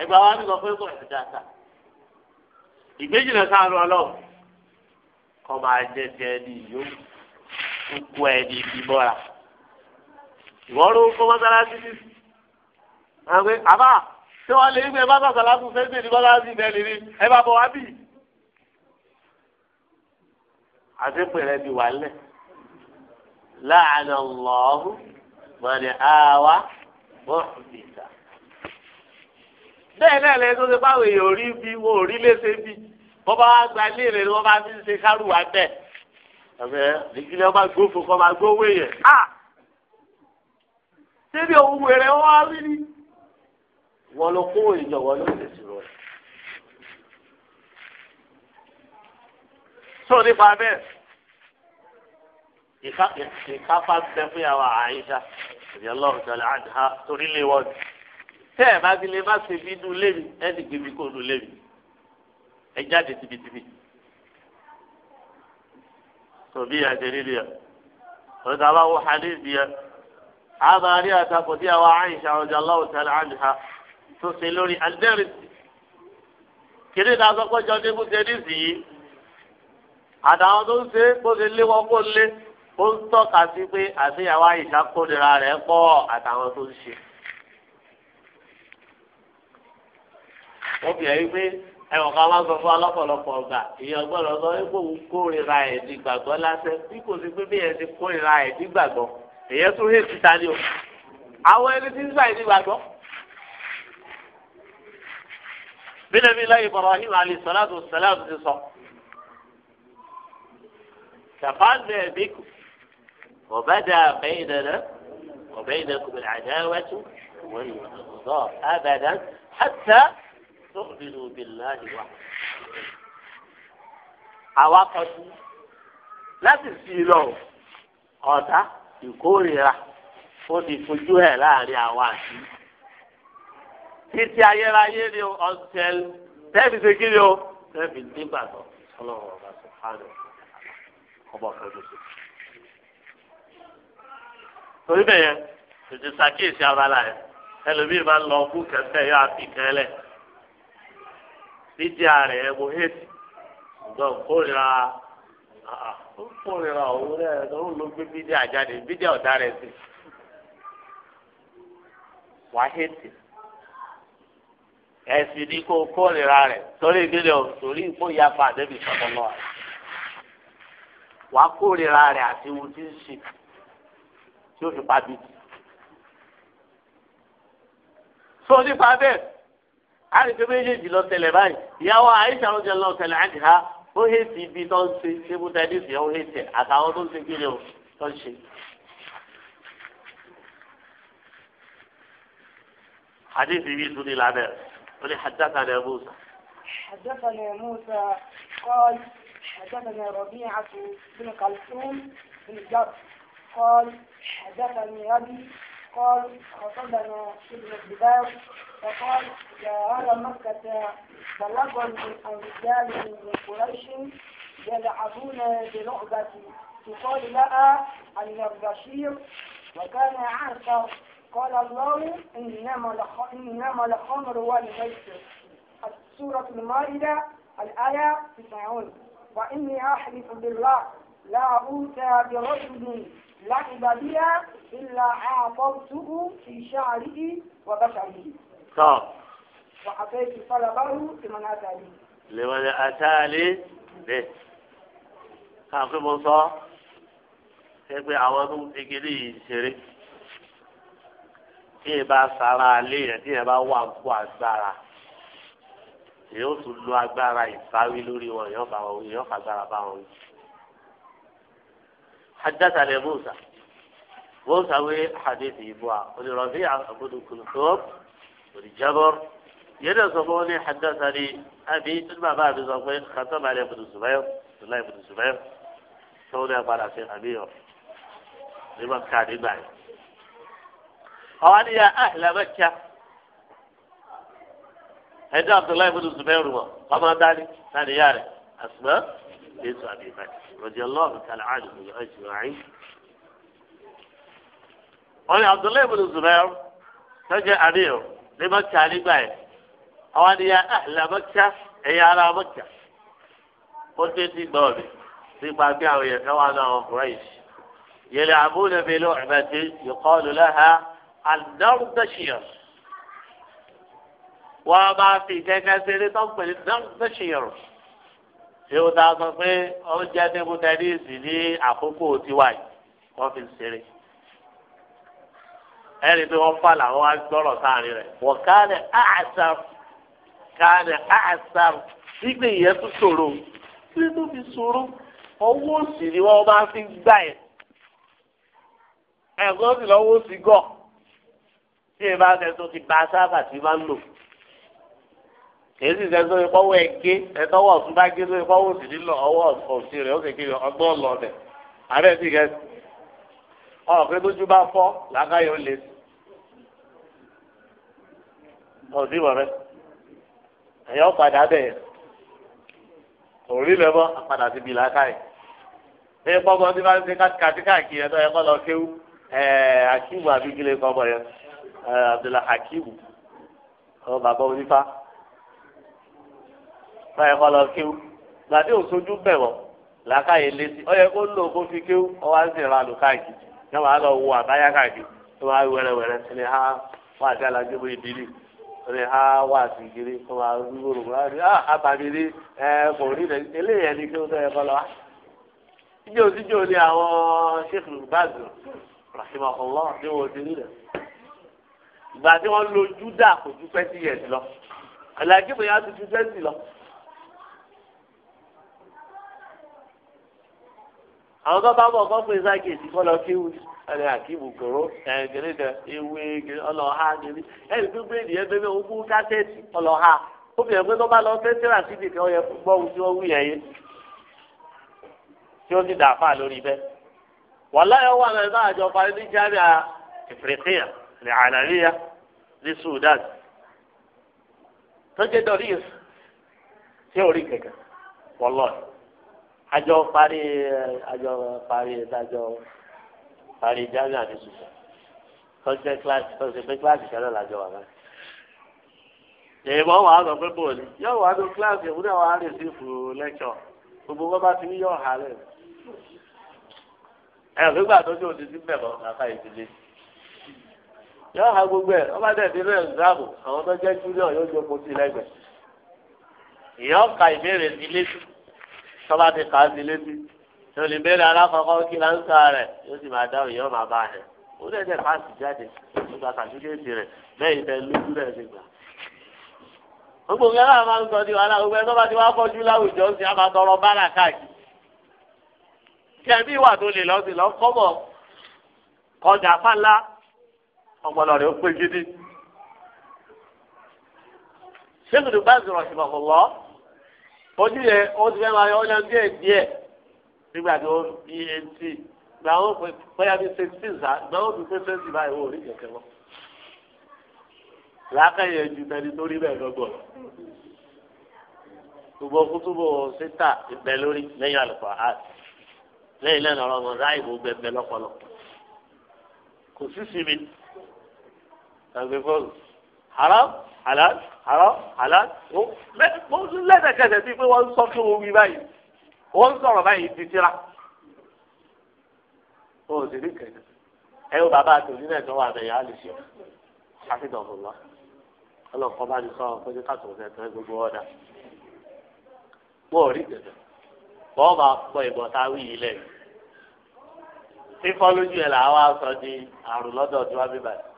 ẹgbẹ́ wa ní lọ́fẹ́ kọ̀ ẹ̀dá ta ìgbéjìlẹ̀ sáà lọ lọ kọ́ máa jẹ́ ti ẹni yóò kó ẹni bíbọ́ra ìwọ́n ló kó mọ́sálásí ní àgbẹ̀ àbá tí wọ́n lè gbé ẹ bá sàṣàlásù fẹ́ẹ́ ní mọ́sálásí bẹ́ẹ̀ lè rí ẹ bá bọ̀ wá bì àtẹ́pẹ̀rẹ̀ ti wà lẹ̀ láàánú lọ́hùn mọ̀ni àwa mọ̀ọ́fù bìtà bẹ́ẹ̀ náà lẹ́yìn tó ṣe báwo èèyàn orí bí wọn ò rí léṣe bí wọ́n bá wá gba ilé rẹ̀ ni wọ́n bá fi ń ṣe kárùwá bẹ́ẹ̀ ẹ̀fẹ́ ìdílé ọba gbófo kọ́ máa gbówó yẹn. síbi òun wèrè wá rí ni wọ́n ló kó ìjọ wọ́n ló lè sùn rọ̀. sọ nípa bẹ́ẹ̀ ìkáfà ń bẹ fún yàrá àyíṣà ìyá lọ́rùn tẹ̀lé àdìhá torí lè wọ́n tẹ́ ẹ̀ bá ti lè má ṣe bí inú lémi ẹ̀ sì gbé mi kó inú lémi ẹ̀ jáde tibitibi. tòbí yà ṣe nílé yà ọ̀dà bá wọ hadith yẹ a máa rí àtakò tí àwọn Aisha radiyallahu ta'ala anha tó ṣe lórí alẹ́rì kìnìún náà sọ pé jọ ní bó ṣe ní sí yìí àtàwọn tó ń ṣe bó ṣe lé wọn kó lé ó ń tọ́ka sí pé àti àwọn Aisha kórìíra rẹ̀ pọ̀ àtàwọn tó ń ṣe. wọ́n fi hàn yín pé ẹ̀wọ̀n kan máa ń sọ fún ọlọ́pọ̀lọpọ̀ ọ̀gá èèyàn gbọ́dọ̀ sọ wípé òun kórìíra ẹ̀ ní gbàgbọ́ lásẹ̀ bí kò sí pé bíyẹn ti kórìíra ẹ̀ ní gbàgbọ́ èèyàn tún hẹ́ síta ni o àwọn ẹni tí ń gbà ẹ̀ ní gbàgbọ́. bílẹ̀ mi lọ́yìn Ibrahim alayhi salatu salam ti sọ ṣàfáàgbé ẹ̀mí kù ọ̀bẹ́dà bẹ́yìn dandan ọ̀bẹ́yìn dandan kùbẹ̀lẹ̀ tu'minu billahi wà. àwa kọjú láti fi lọ ọ̀tá ìkórìíra ó ti fojú ẹ̀ láàrin àwa àti títí ayérayé ni ọ̀sẹ̀l tẹ́ẹ̀fì ṣe kí ni o tẹ́ẹ̀fì nígbàgbọ́ ọlọ́run ọba sọ̀hánù ọba ọ̀fẹ́ gbèsè. torí bẹ́ẹ̀ yẹn tètè ṣàkíyèsí abala yẹn ẹlòmíì máa ń lọ ọkú kẹfẹ́ yóò á fi kẹ́lẹ̀. dídíà rẹ̀ mo hẹ́tì ṣùgbọ́n kórìíra ó ọrụ òun ọrụ lóun ló gbé dídíà jáde dídíà ọ̀dà rẹ̀ sí wàá hẹ́tì ẹ̀sìn ni torí o torí ìkóyà pàdé mi sọ̀tọ̀ náà wàá kórìíra rẹ̀ àti ohun tí ń ṣe tí ó fi pa bíi. sọ nípa àrí pé méjèèjì lọ tẹ́lẹ̀ báyìí ìyàwó àyíṣà ló jẹ lọ tẹ́lẹ̀ àdìhà ó hèsì ibi tó ń ṣe tébù tẹnísì ó hèsì àtàwọn tó ń ṣe kiri o tó ń ṣe. حديث ابي سن العباد قال حدثنا موسى حدثنا موسى قال حدثنا ربيعة بن كلثوم بن جبر قال حدثني أبي قال خطبنا ابن الزباب فقال يا أهل مكة بلغ عن رجال من قريش يلعبون بلعبة يقال لها البشير وكان عاقر قال الله إنما إنما الخمر والميسر سورة المائدة الآية 90 وإني أحلف بالله لا أوتى برجل لعب بها إلا أعطرته في شعره وبشره طب وأعطيت طلبه لمن أتى لي لمن أتى لي به kàn pé mo sọ ẹgbẹ́ àwọn tó ń tigi ní ìṣeré tí ẹ bá sara alé yẹn tí ẹ bá wà kó agbára yóò tún lo agbára ìsáwí lórí wọn yóò bá wọn yóò fagbára bá wọn yìí. حدثني موسى موسى وي حديثي بوا ولربيع بن كلثوم ولجبر حدث علي أبي ما بعد زوجين ختم علي بن الزبير الله بن الزبير سوني أبا الحسين أمير لما كان معي قال يا أهل مكة هذا عبد الله بن الزبير وما ذلك ثاني يارك أسماء بنت أبي بكر رضي الله تعالى عنهم أجمعين وعن عبد الله بن الزبير فجاء أمير لمكة لباية وأن يا أهل مكة أي على مكة قلت في بابي في بابي ويتوانا وقريش يلعبون بلعبة يقال لها النردشير وما في كذا سيرة تنقل النردشير èwo tá a sọ pé oúnjẹ tẹ́kù tẹ́lísì ní àkókò tiwa yìí wọ́n fi ṣeré ẹni tí wọ́n fà làwọn agbọ́rọ̀ sáàrin rẹ̀ wọ́n káàdì àṣàm káàdì àṣàm gbígbé ìyẹn tún ṣòro kí ló fi ṣòro ọwọ́ òsì ni wọ́n máa fi gbà ẹ̀ ẹ̀gbọ́n sì lọ́wọ́ òsì gọ̀ tí ẹ bá fẹ́ tó ti bá sábà tí máa ń lò èyí sì sẹ́ńtọ́ yìí kọ́wọ́ ẹ̀ gé ẹ̀tọ́ wọ̀ ọ̀tún bá gé lórí kọ́wọ́ òsì nílò ọwọ́ òsì rẹ̀ ó sì kiri ọgbọ́n lọ bẹ̀ àbẹ́ sì kẹ́ ọ̀rọ̀ pé tójú bá fọ́ làákàyè ó le ọ̀sì wọ̀ rẹ̀ ẹ̀yọ́ padà bẹ̀ òrí lẹ́bọ̀ padà ti bì làákàyè ṣé gbọ́gbọ́n tí bá ń ṣe kàtíkàkì ẹ̀tọ́ ẹ̀kọ́ lọ kéwú ẹ̀ẹ́ akíwù àbíkílẹ̀ kọ́ ọ báyìí kọ́ lọ kéwú gbàdé òṣojú bẹ̀ làákàyè létí ọ yẹ kó lò kó fi kéwú ìran àlù káàkiri wọ àbáyá káàkiri tó ha wà sí alájọbọ ha wà sí ìdílé tó wàá wúwo ah abàmìlì ẹ kò rí ni kéwú tó yẹ kọ́ lọ wá. ni àwọn ni wọn ti rí rẹ ìgbà tí wọn lójú àwọn tó bá bọ̀ kọ́ pé sákèsì kọ́ lọ kí ẹni àkíbù kòró ẹ̀ẹ́dẹ̀rẹ́ dẹ ewé ọlọ́ha níbi ẹni tó gbé ènìyàn bẹ́ẹ̀ ogún kásẹ̀tì ọlọ́ha ó fi hàn pé tó bá lọ fẹ́tẹ́rà síbi kan yẹ fún gbọ́hùn tí wọ́n wú yẹn yé tí ó ti dàáfà lórí bẹ́ẹ̀. wàhálà yẹn wà lẹ́nu àjọ parí ní járíà ìfìrìkìyà ní àlàríyà ní Sudan tó jẹ́ dọ́rí yìí tí ò rí kẹ̀kẹ́ wọ́lọ́ọ̀ àjọ parí àjọ parí àjọ parí jáde àti sùsù tọ́sẹ̀ kíláàsì tọ́sẹ̀ pé kíláàsì kẹ́lẹ́ làjọ wà báyìí. èèmọ̀ wàá sọ pé bòlí yóò wá ní kíláàsì òun náà wàá rèsí fún lẹ́kṣọ̀ gbogbo bọ́ bá ti ní yóò hà lẹ́nu. ẹ̀ ò nígbà tó ní òdi sí mẹ́bọ̀ kàkà ìdílé yóò ha gbogbo ẹ ọba dẹ̀ nínú ẹ̀ǹdáàbò àwọn tó jẹ́ júlíọ̀ yóò jókòó sí lẹ́gbẹ̀ẹ́ ìyá ọ̀ka ìbéèrè ní létí sọ́ba ti kà á sí létí tó lè bẹ́ẹ̀rẹ̀ alákọ̀ọ́kọ́ kí láńsà rẹ̀ yóò sì máa dáhùn yóò máa bá a hẹ̀ ó lè dẹ̀ ká sì jáde nígbà kàdúkèsì rẹ̀ bẹ́ẹ̀ ìfẹ́ lójú rẹ̀ ti gbà. gbogbo nǹkan náà máa ń sọ ní wàhálà gbogbo ẹ̀ tó bá ti wá kọjú láwùjọ sí a bára káàkiri. kẹ́mí wà tó lè lọ sí lọ kọ́bọ̀ kọjá fáńlá ọpọlọ rẹ̀ ó pé gidi. ṣé ojú yẹn ó ti fẹ́ máa yọ ọjà díẹ̀ díẹ̀ nígbà tí ó bí etí gbà ó pé bóyá bí sixteen sá gbà ó bí twenty báyìí wò ó rí kẹ̀kẹ́ wọn. làákàyè ju tẹni tó rí bẹ́ẹ̀ gbọ́gbọ́ ṣùgbọ́n kútùbù síta ìbẹ̀ lórí lẹ́yìn àlùkò àti lẹ́yìn lẹ́nu ọ̀rọ̀ ọ̀gá ìbò gbẹgbẹ lọ́pọ̀lọ́ kò sí sinmi tàbí fọ́ọ̀lù haram halal haram halal mo lẹ́sẹ̀kẹsẹ̀ bíi pé wọ́n sọ fún omi báyìí wọ́n ń báyìí titira o ò sì rí kẹ̀kẹ́ ẹ wo bàbá àtòjú náà tó wà bẹ̀yà á lè ṣe ọ́ ṣàfihàn ọ̀hún wa ọlọ́kọ́ bá ní sọ ọ́ pé ká tòun tẹ̀tẹ̀ gbogbo ọ̀dà wọ́n ò rí kẹ̀kẹ́ wọ́n máa pọ̀ ìbọn táwí yìí lẹ̀ fífọ́ lójú ẹ̀ làwọn aṣọ di àrùn lọ́dọ̀ tí wọ́n bí báyìí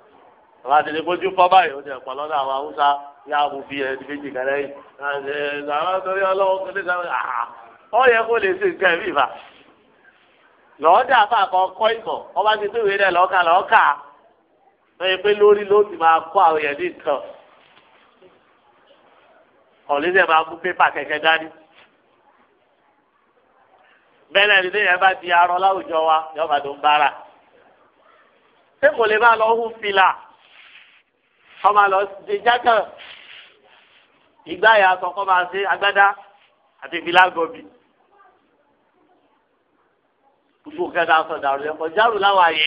àwọn àti ìbójú fọ́ báyìí ó ti ẹ̀pọ̀ lọ́dọ̀ àwọn haúsá yá mú bí ẹni méjì kẹlẹ́ yìí àwọn torí ọlọ́wọ́ kọ́lé sáré àhà ah, ó yẹ kó lè ṣe nǹkan ẹ̀mí ìfà lọ́ọ́dà bá kọ́ kọ́ ìmọ̀ ọba ti tó ìwé rẹ̀ lọ́ọ́kà lọ́ọ́kà wọ́n pé lórí ló ti máa kọ́ àwọn yẹn ní nǹkan ọ̀lẹ́sẹ̀ máa mú pépà kẹ̀kẹ́ dání bẹ́ẹ̀ ni lẹ́yìn bá di arọ láwùjọ wa yọ̀ọ́ bá tó ń bára ṣé kò lè bá lọ́ọ́ hùn fìlà kọ́má lọ ṣe jákàn ìgbà yà sọ kọ́má ṣe agbádá àti ìfilágọ́bì gbogbo kẹta sọ dàrú yẹn kọ járù láwọn àyè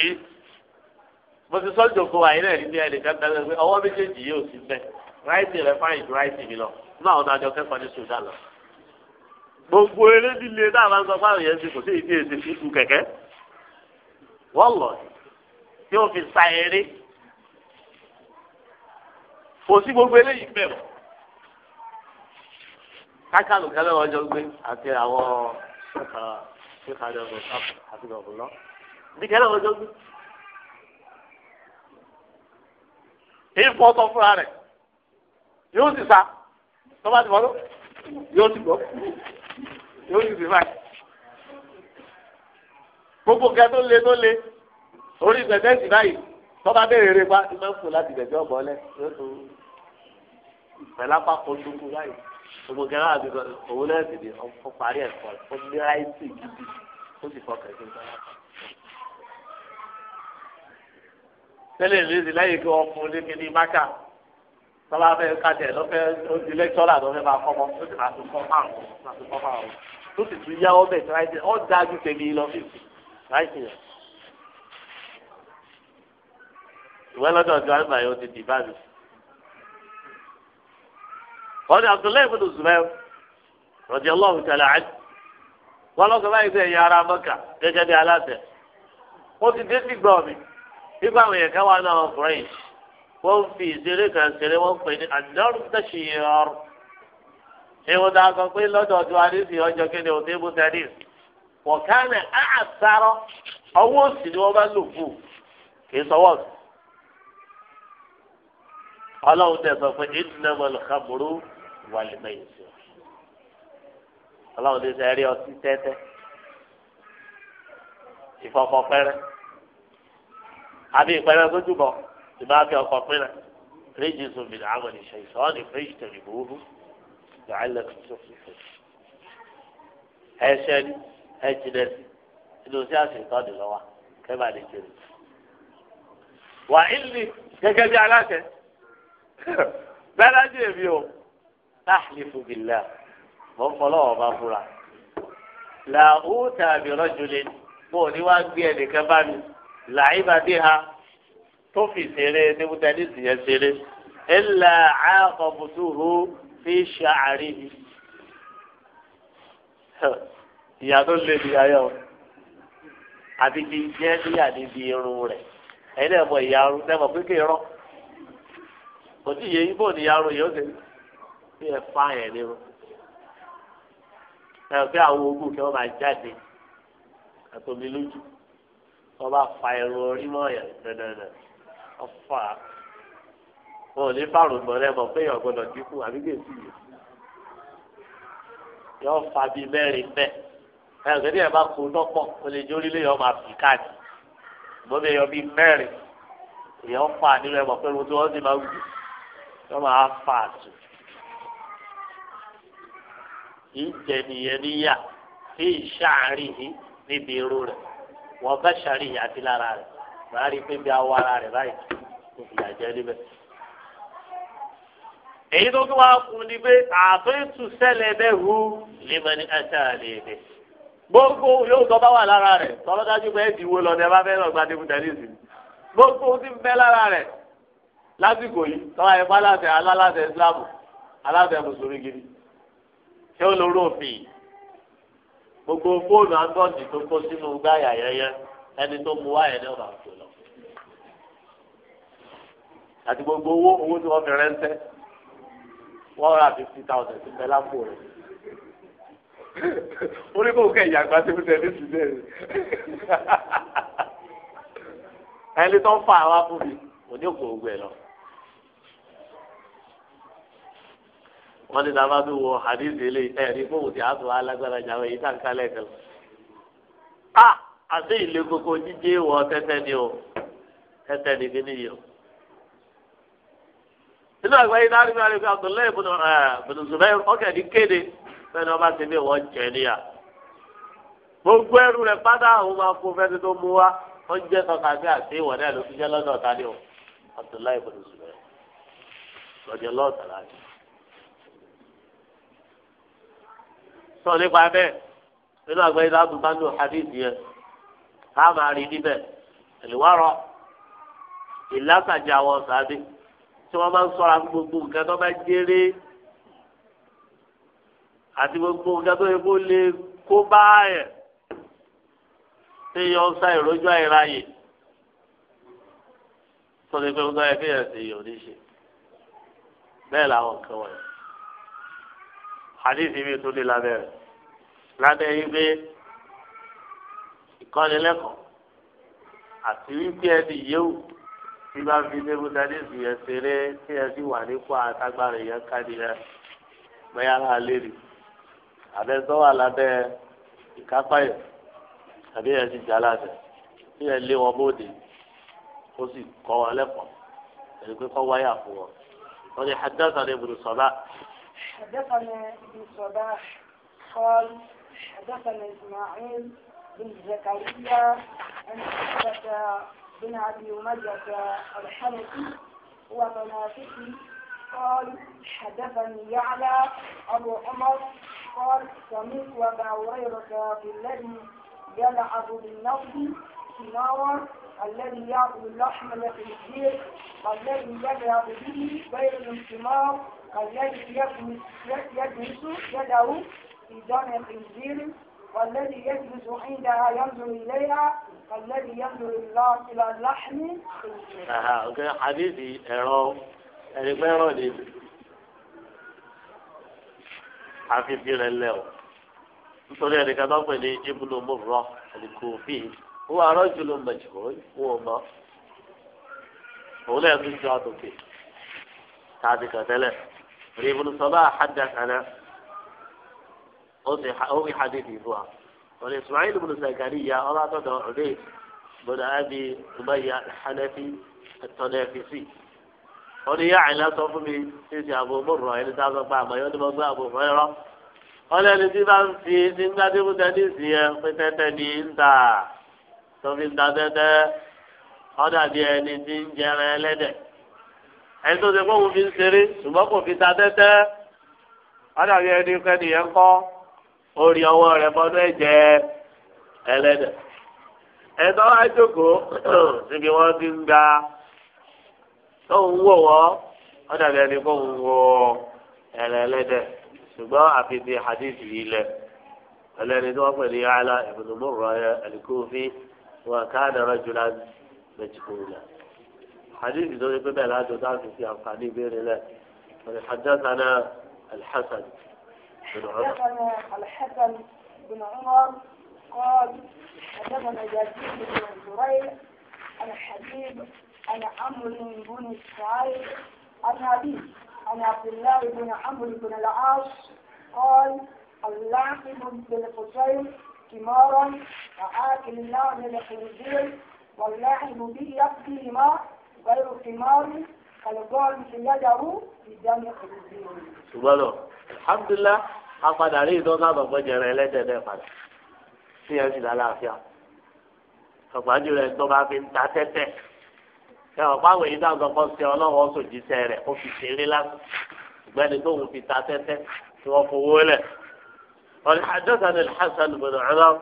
mo ti sọ́jọ́ kó àyè náà níbi ẹnìkan tẹ́lẹ̀ pé ọwọ́ méjèèjì yóò sí bẹ́ẹ̀ ráìtì rẹ̀ fáyìn ju ráìtì mi lọ nínú àwọn àjọ kẹ́kọ̀ọ́ ní Sudan lọ gbogbo eré líle náà máa ń sọ fáwọn yẹn ti kò sí ìdí èsì fífú kẹ̀kẹ́ wọ́n lọ tí ó sa eré kò sí gbogbo eléyìí bẹ̀rù kákàlù kẹlẹ́ wọn jọ gbé àti àwọn ṣèkàdọ̀gbọ̀n àti ọ̀gbọ̀n lọ bí kẹlẹ́ wọn gbé. èyí fọ́ tọ́ fúnra rẹ̀ yóò sì sa tọ́ba ti fọ́tọ́ yóò sì gbọ́ yóò sì sì báyìí. gbogbo kẹ tó le tó le orí gbẹ̀dẹ́sì báyìí tọ́ba bẹ̀rẹ̀ rẹ̀ pa ti máa ń fò láti gbẹ̀dẹ́ ọ̀bọ̀ lẹ̀ yóò tó pẹ̀lápá kọjúkú báyìí gbogbo gẹ́gẹ́ àbí òun náà sì ni ó parí ẹ̀kọ́ ó ní ráìtì gidi ó sì fọkàn sí ìgbà tẹ́lẹ̀ ní ìdílé yìí kí wọ́n fún un ní kíní máka tọ́lá fẹ́ kájẹ̀ lọ́fẹ́ ó di lẹ́kítọ́rà lọ́fẹ́ máa kọ́ mọ́ ó sì máa tún kọ́ márùn-ún máa tún kọ́ márùn-ún tó sì tún yáwó bẹ̀ tí ráìtì ó dájú tèmi lọ sí ráìtì yẹn ìwé lọ́dọ̀ tí wọ́n gbà yóò ti dì báyìí wọ́n ní abdullahi ibùdó zubair rọ̀jẹ̀ lọ́hùn tẹ̀lé àjẹ́ wọ́n lọ́kọ̀ báyìí fẹ́ yan ara mọ́kà gẹ́gẹ́ bí aláṣẹ. wọ́n ti dé sígbà mi nígbà àwọn èèyàn káwá náà ọkùnrin yìí wọ́n fi ìṣeré kan ṣeré wọ́n pè ní àdánù tẹ̀sí ọrùn. ewu dáa kan pé lọ́dọ̀ ọdún adéṣì ọjọ́ kí ni òtún ibú tẹ̀lé wọ́n ká ní àṣàrọ̀ ọwọ́ òsì ni wọ́n bá lò fún kì í sọwọ́ ọlọ́run tẹ̀sán pé ìdùnnà mọ̀lùkàbùrú wálé bẹ́yìn sí ọ. ọlọ́run ti sẹ́ rí ọtí tẹ́tẹ́ ìfọ̀fọ̀ pẹ́rẹ́ àbí ìpẹ́rẹ́ tó túbọ̀ ìbá fi ọkọ̀ pínlẹ̀ ríjì sùnbìn àwọn ìṣe ìṣọ́ọ̀nì fíjì tẹ̀lé gbòógù làálẹ̀ tó fi fò. ẹ̀ṣẹ̀ ni ẹ̀jìnlẹ̀ sí inú sí àṣetọ́ni lọ́wọ́ kẹ́bà lè jèrè. wà á ìlì gẹ́gẹ́ bí aláṣẹ bẹ́ẹ̀ lájú èmi o tahlifu billah mọ̀ ń fọlọ́ ọba búra. làwù tàbí rọ́júlẹ̀ bó o ní wá gbé ẹnìkan bá mi làyíbá dé ha tó fi ṣeré níbúta ní ìsìnyẹ ṣeré ẹ̀là àkọ́bùtúhù fi ṣàárì mi. ìyá tó lé ní ayọ̀ àti kí jẹ́ níyà níbi irun rẹ̀ ẹ̀yin náà mọ ìyá arún náà mọ̀ pé kéèrán kò tí ì yẹ ibò ní ìyá arún yìí ó ṣe bí ẹ fa yẹn ni o ẹ fi àwọn ogun kí wọn máa jáde àtòmí lójú wọn bá fa ẹrù orí mọ yẹn dandanà ọfà wọn ò ní fàrùn gbọn lẹ mọ pé yọ gbọ́dọ̀ dínkù àbí kò sí yìí yọ fa bí mẹ́rin bẹ ẹ ò gẹ́gẹ́ bá kó lọ́pọ̀ o lè jórí lé yọ máa fi káàdì mo yọ bí mẹ́rin èèyàn fà nínú ẹ mọ pé mo tí wọn sì máa wù yọ máa fà àtù kì í jẹ nìyẹn níyà fi ìṣàárì yìí níbi irú rẹ̀ wọ́n bá ṣàárì yìí àti lára rẹ̀ màá rí i awọ ara rẹ̀ báyìí kò fìyà jẹ níbẹ̀. èyí tó tún wá kún ni pé àbẹ́tù sẹ́lẹ̀ bẹ́ẹ̀ hu lèmọ ní ẹsẹ̀ àlè mi. gbogbo yóò tọ́ bá wà lára rẹ̀ tọ́lọ́dájú pé ẹ̀dínwó lọ ní ẹ bá fẹ́ lọ gbadé fún tẹ́lẹ̀ sí gbogbo ti ń bẹ lára rẹ̀ lásìkò yìí tọ́wọ́ ẹ̀ bá láṣẹ alálàṣẹ Islam aláṣẹ tí o lóró òfin gbogbo fóònù android tó kó sínú gbáyà yẹyẹ ẹni tó mu wáyà ní ọ̀rọ̀ àpò lọ àti gbogbo owó owó tí wọ́n fi rẹ́ńtẹ́ one hundred and fifty thousand ti fẹ́ lápò rẹ̀ kẹ́ ìyàgbá tẹ̀ ní rẹ̀ ẹni tó ń fa àwa fún mi òkú ẹ̀ lọ. wọ́n ní sábà tó wọ hadith ilé ẹ̀rí alágbára wọ́n tá n kálẹ̀ kan. a àti ìlé koko jíjẹ wọ tẹ́tẹ́ ni o tẹ́tẹ́ ni kí nìyí o. nínú àgbáyé náà nígbà rẹ̀ Abdullahi ibn Zubair ọkẹ́ ní kéde fẹ́ni ọba ti wọ́n jẹ níyà. gbogbo àwọn fẹ́ni tó mú wa wọ́n jẹ́ sọ̀tà bí àti ni o Abdullahi lọ́jọ́ lọ́ọ̀tà láti. sọ nípa bẹ́ẹ̀ nínú àgbẹ̀ ilé àdùbánú hadith yẹn ká máa rí níbẹ̀ ìlúwárọ̀ ìlàkàjà àwọn sàbí tí wọ́n máa ń sọ́ra gbogbo nǹkan tó bá jẹ́rẹ́ àti gbogbo nǹkan tó yẹ kó lè kó bá yẹn tí yọ ń sá ìrójú àìráyè tó lè pé ń gbọ́ ẹ kéèyàn sì yọ̀ níṣe bẹ́ẹ̀ làwọn nǹkan wọ̀nyí hadithi mi tó lé lábẹ́ rẹ̀ lábẹ́ yìí pé ìkọ́nilẹ́kọ̀ọ́ àti wípé ẹni yéwù tí bá fi léwu dání sì yẹn ṣeré tí ẹ sì wà nípò àtàgbàrẹ̀ yẹn káàdì rẹ̀ bẹ́ẹ̀ ara lè rí àbẹ́sọ́ wà lábẹ́ ìkápá yẹn àbí yẹn ti jà láṣẹ tí yẹn lé wọn bóde ó sì kọ́ wọn lẹ́kọ̀ọ́ ẹni pé kọ́ wáyà fún wọn. wọ́n ti hajjá sọ̀rọ̀ ibùdó sọ̀rọ̀ حدثنا ابن صباح قال حدثنا إسماعيل بن زكريا عن حدث بن أبي أمية الحنفي ومنافقي قال حدثني يعلى أبو عمر قال سمعت أبا هريرة في الذي يلعب بالنصب سماور الذي يأكل اللحم الخنزير والذي يذهب به غير الانتمار فالذي يجلس يده في دم الخنزير والذي يجلس عندها ينظر إليها والذي ينظر إلى اللحم الخنزير. حديثي إرام ẹ̀rẹ́gbẹ́rún ni àfihàn rẹ̀ lẹ̀ o nítorí ẹ̀ríkà tó pè ní ibùdó mọ̀rọ̀ àlùkòfì wọ́n arọ́ jùlọ mẹ̀jọ̀ wọ́n mọ̀ òun lẹ́yìn tó ń jọ àtòkè tá a ti kàn tẹ́lẹ̀. ابن صباح حدثنا هو بحديث هو والإسماعيل بن زكريا أراد عبيد بن أبي أمية الحنفي التنافسي wọ́n ní yá àìlá sọ fún mi títí àbò mọ̀rọ̀ ẹni tá a sọ pé àmọ́yọ́ ni mo gbé àbò fún ẹ̀rọ. wọ́n lé ẹni tí bá ń fi ní gbadébù tẹ́nísì yẹn pé tẹ́tẹ́ ni ń tà tó fi ń ta tẹ́tẹ́ ọ̀dà bí ẹni tí ń jẹrẹ ẹlẹ́dẹ̀. ẹni tó ṣe fi ń ṣeré ṣùgbọ́n kò fi ta tẹ́tẹ́ ọ̀dàbí ẹni kẹ́ni yẹn kọ́ orí ọwọ́ rẹ̀ bọ́dọ̀ ẹ̀jẹ̀ ẹlẹ́dẹ̀ ẹni tó wá wọ́n ti ń gba tóun wò ọ̀dàbí ẹni kó ṣùgbọ́n àfihàn hadith yìí lẹ̀ ẹlẹ́ni wọ́n pè ní ala حديث ذو يبقى لا تدعك في أفعالي بير الله فلحدثنا يعني الحسن بن عمر حدثنا الحسن بن عمر قال حدثنا جاسيب بن زريع أنا حبيب عمر عمرو بن سعيد أنا أبي أنا عبد الله بن عمرو بن العاص قال اللاعب بالقصير كمارا وآكل اللعب الخنزير واللاعب به يقضي ما غير حمار الغالب يده بدم ṣùgbọ́n alhamdulilah a padà rí ìtọ́ sábà gbọ́jẹrẹ ẹlẹ́dẹ̀ẹ́dẹ́ padà sí ẹ̀ sì lálàáfíà ọ̀pájú rẹ̀ tó bá fi ń ta tẹ́tẹ́ ẹ ọ̀pá àwọn èyí dáhùn kọ́kọ́ sí ọlọ́wọ́ sòjíṣẹ́ rẹ̀ ó fi ṣeré lásán ìgbẹ́ni tó ń fi ta tẹ́tẹ́ tí wọ́n fowó lẹ̀. والحدثنا الحسن بن عمر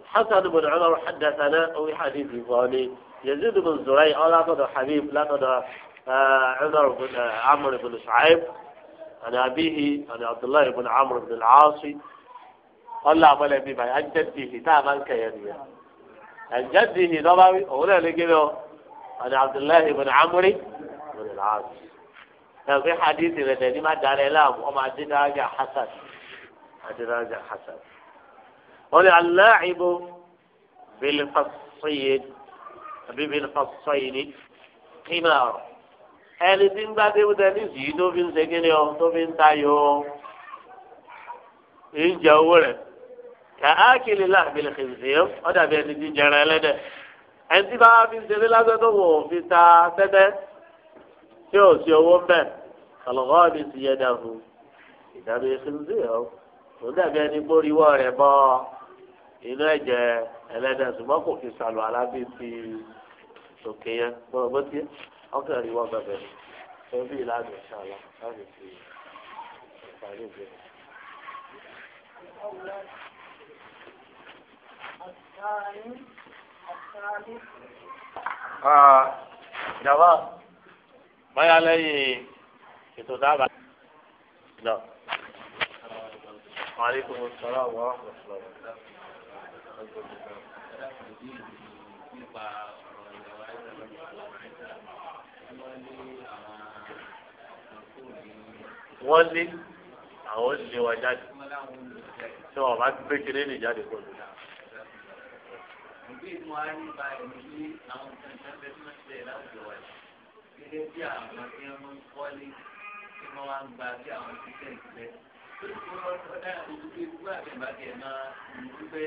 الحسن بن عمر حدثنا أو حديث فاني يزيد بن زريع لقد حبيب لقد عمر بن عمرو بن شعيب عن أبيه عن عبد الله بن عمرو بن العاص قال لا بل أبي بعي عن جده تابا كيانيا عن جده نبوي هنا لقينا عن عبد الله بن عمرو بن العاص في حديث لدينا ما دار إلام وما عندنا حسن عندنا حسن ولعلاعب بالفصيل àbí bí nǹkan sọ yìí ní kíma ọ̀rọ̀ ẹni tí ń gbá débùtẹ nísìnyí tó fi ń ṣe kíni ọ tó fi ń tayọ ìjẹ owó rẹ kàákìlì láàbìlì kìsìyẹ ọdà bí ẹni tí ń jẹrẹ ẹlẹ́dẹ̀ ẹni tí bá fi ń ṣeré lásán tó wò fi ta tẹ́tẹ́ tí ò sí owó ń bẹ mi sì yẹ dàrú ìdàbí kìsìyẹ ọ òun dàbí ẹni gbóríwọ rẹ bọ inú ẹ̀jẹ̀ ẹlẹ́dẹ̀ ṣùgbọ́n kò fi sàlù alábí fi sókè yẹn bọ́ bó ti ọkàn rí wọ́n bẹ̀bẹ̀ ni tó bí ìlànà ìṣàlá láti fi ìpàdé ìbéèrè. Ìjọba báyà lẹ́yìn ètò dábàá. Lọ. Maaleykum salaam wa rahmatulah. Nípa wọ́n lé àwọn lé wa jáde tí wọ́n bá gbé kéré lè jáde kó lè. Ìgbé ìmọ̀ ayé ba ẹ̀mí ní àwọn kankan bẹ́ẹ̀ tí wọ́n ti bẹ̀rẹ̀ láwùjọ wa Gẹ́gẹ́ bí àwọn tí wọ́n ń kọ́lé tí wọ́n wá ń gba bí àwọn tí tẹ̀ ń tẹ̀. Lóṣù tó lọ́ọ́ dára ojú bá kẹ̀ máa ń dúpẹ́.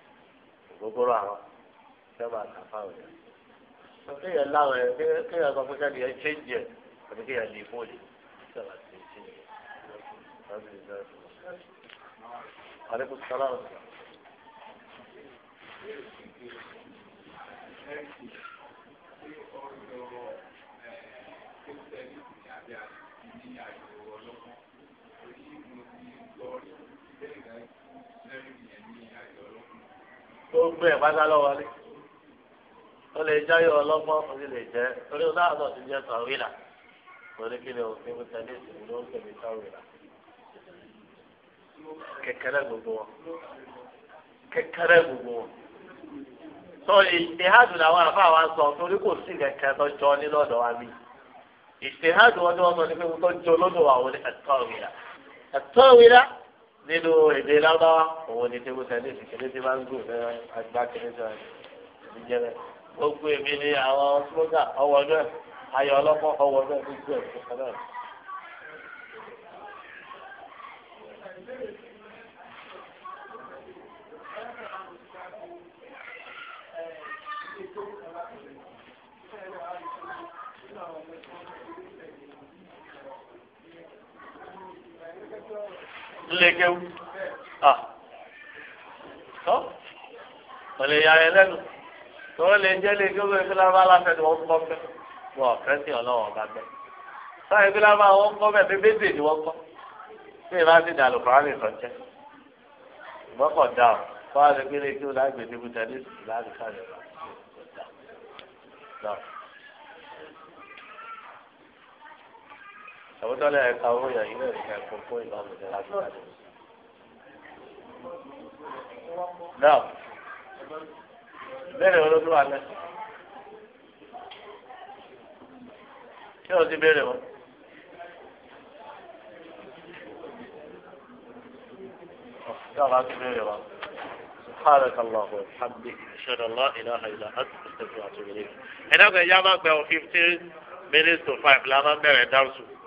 ògógóró àwọn fẹ́ máa kà fáwọn yẹn. kéèyàn láwọn ẹ kéèyàn sọ fún sẹ́ni ẹ ṣéǹjì ẹ àbí kéèyàn lè fóònù ìjọba ti ṣéǹjì ẹ. Aleykum salaam. Thank you. gbogbo ẹ̀ pátá lọ́wọ́ lé ó lè jáyọ̀ ọlọ́gbọ́n ó sì lè jẹ́ torí ó dáhùn náà ti jẹ́ sọ̀rìlà torí kí ni òfin mi tẹ̀lé ìsìnkú ló ń tẹ̀lé sọ̀rìlà kẹkẹrẹ gbogbo wọn kẹkẹrẹ gbogbo wọn tó làwọn sọ torí kò sí kẹkẹ tó jọ ní wa mi wọn nínú èdè lábáwá òun ni tẹ́kù sẹ́lẹ̀ kékeré tí máa ń gùn lẹ́yìn àgbà kéré sọ̀rọ̀ ìdíjẹ́rẹ́ gbogbo èmi ni àwọn slogan ọwọ́ náà ayọ̀ ọlọ́pọ̀ ọwọ́ náà gbogbo ẹ̀ lékewu à tó o lè yára ẹlẹ́nu tó o lè jẹ́ lékewu ìfúnná bá aláfẹ́ ni wọ́n kọ́ fẹ́ wọ́n ọ̀fẹ́ sí ọlọ́wọ́ ọba bẹ́ẹ̀ sáà ìfúnná bá wọ́n kọ́ bẹ́ẹ̀ bẹ́ẹ̀ bẹ́ẹ̀ ni wọ́n kọ́ bí ìbá ti dàlù kọ́ránì sọ̀tẹ́ ìgbọ́kọ̀ dà ó kọ́ àdégbélé kí o lágbèdébùtà ní ìsìn láti káàdì ọ̀la àbúdọ́lẹ̀ ẹ̀ka owó yàn yín náà ṣe ẹ̀kọ́ fún ìlú àmì ìlera tó dájú. náà béèrè olódùn alẹ́ kí o ti béèrè wọn. يلا كبير يلا سبحانك الله وبحمدك أشهد أن لا إله إلا أنت أستغفرك وأتوب إليك. هناك إجابة ب 15 minutes to 5 لا ما بيرد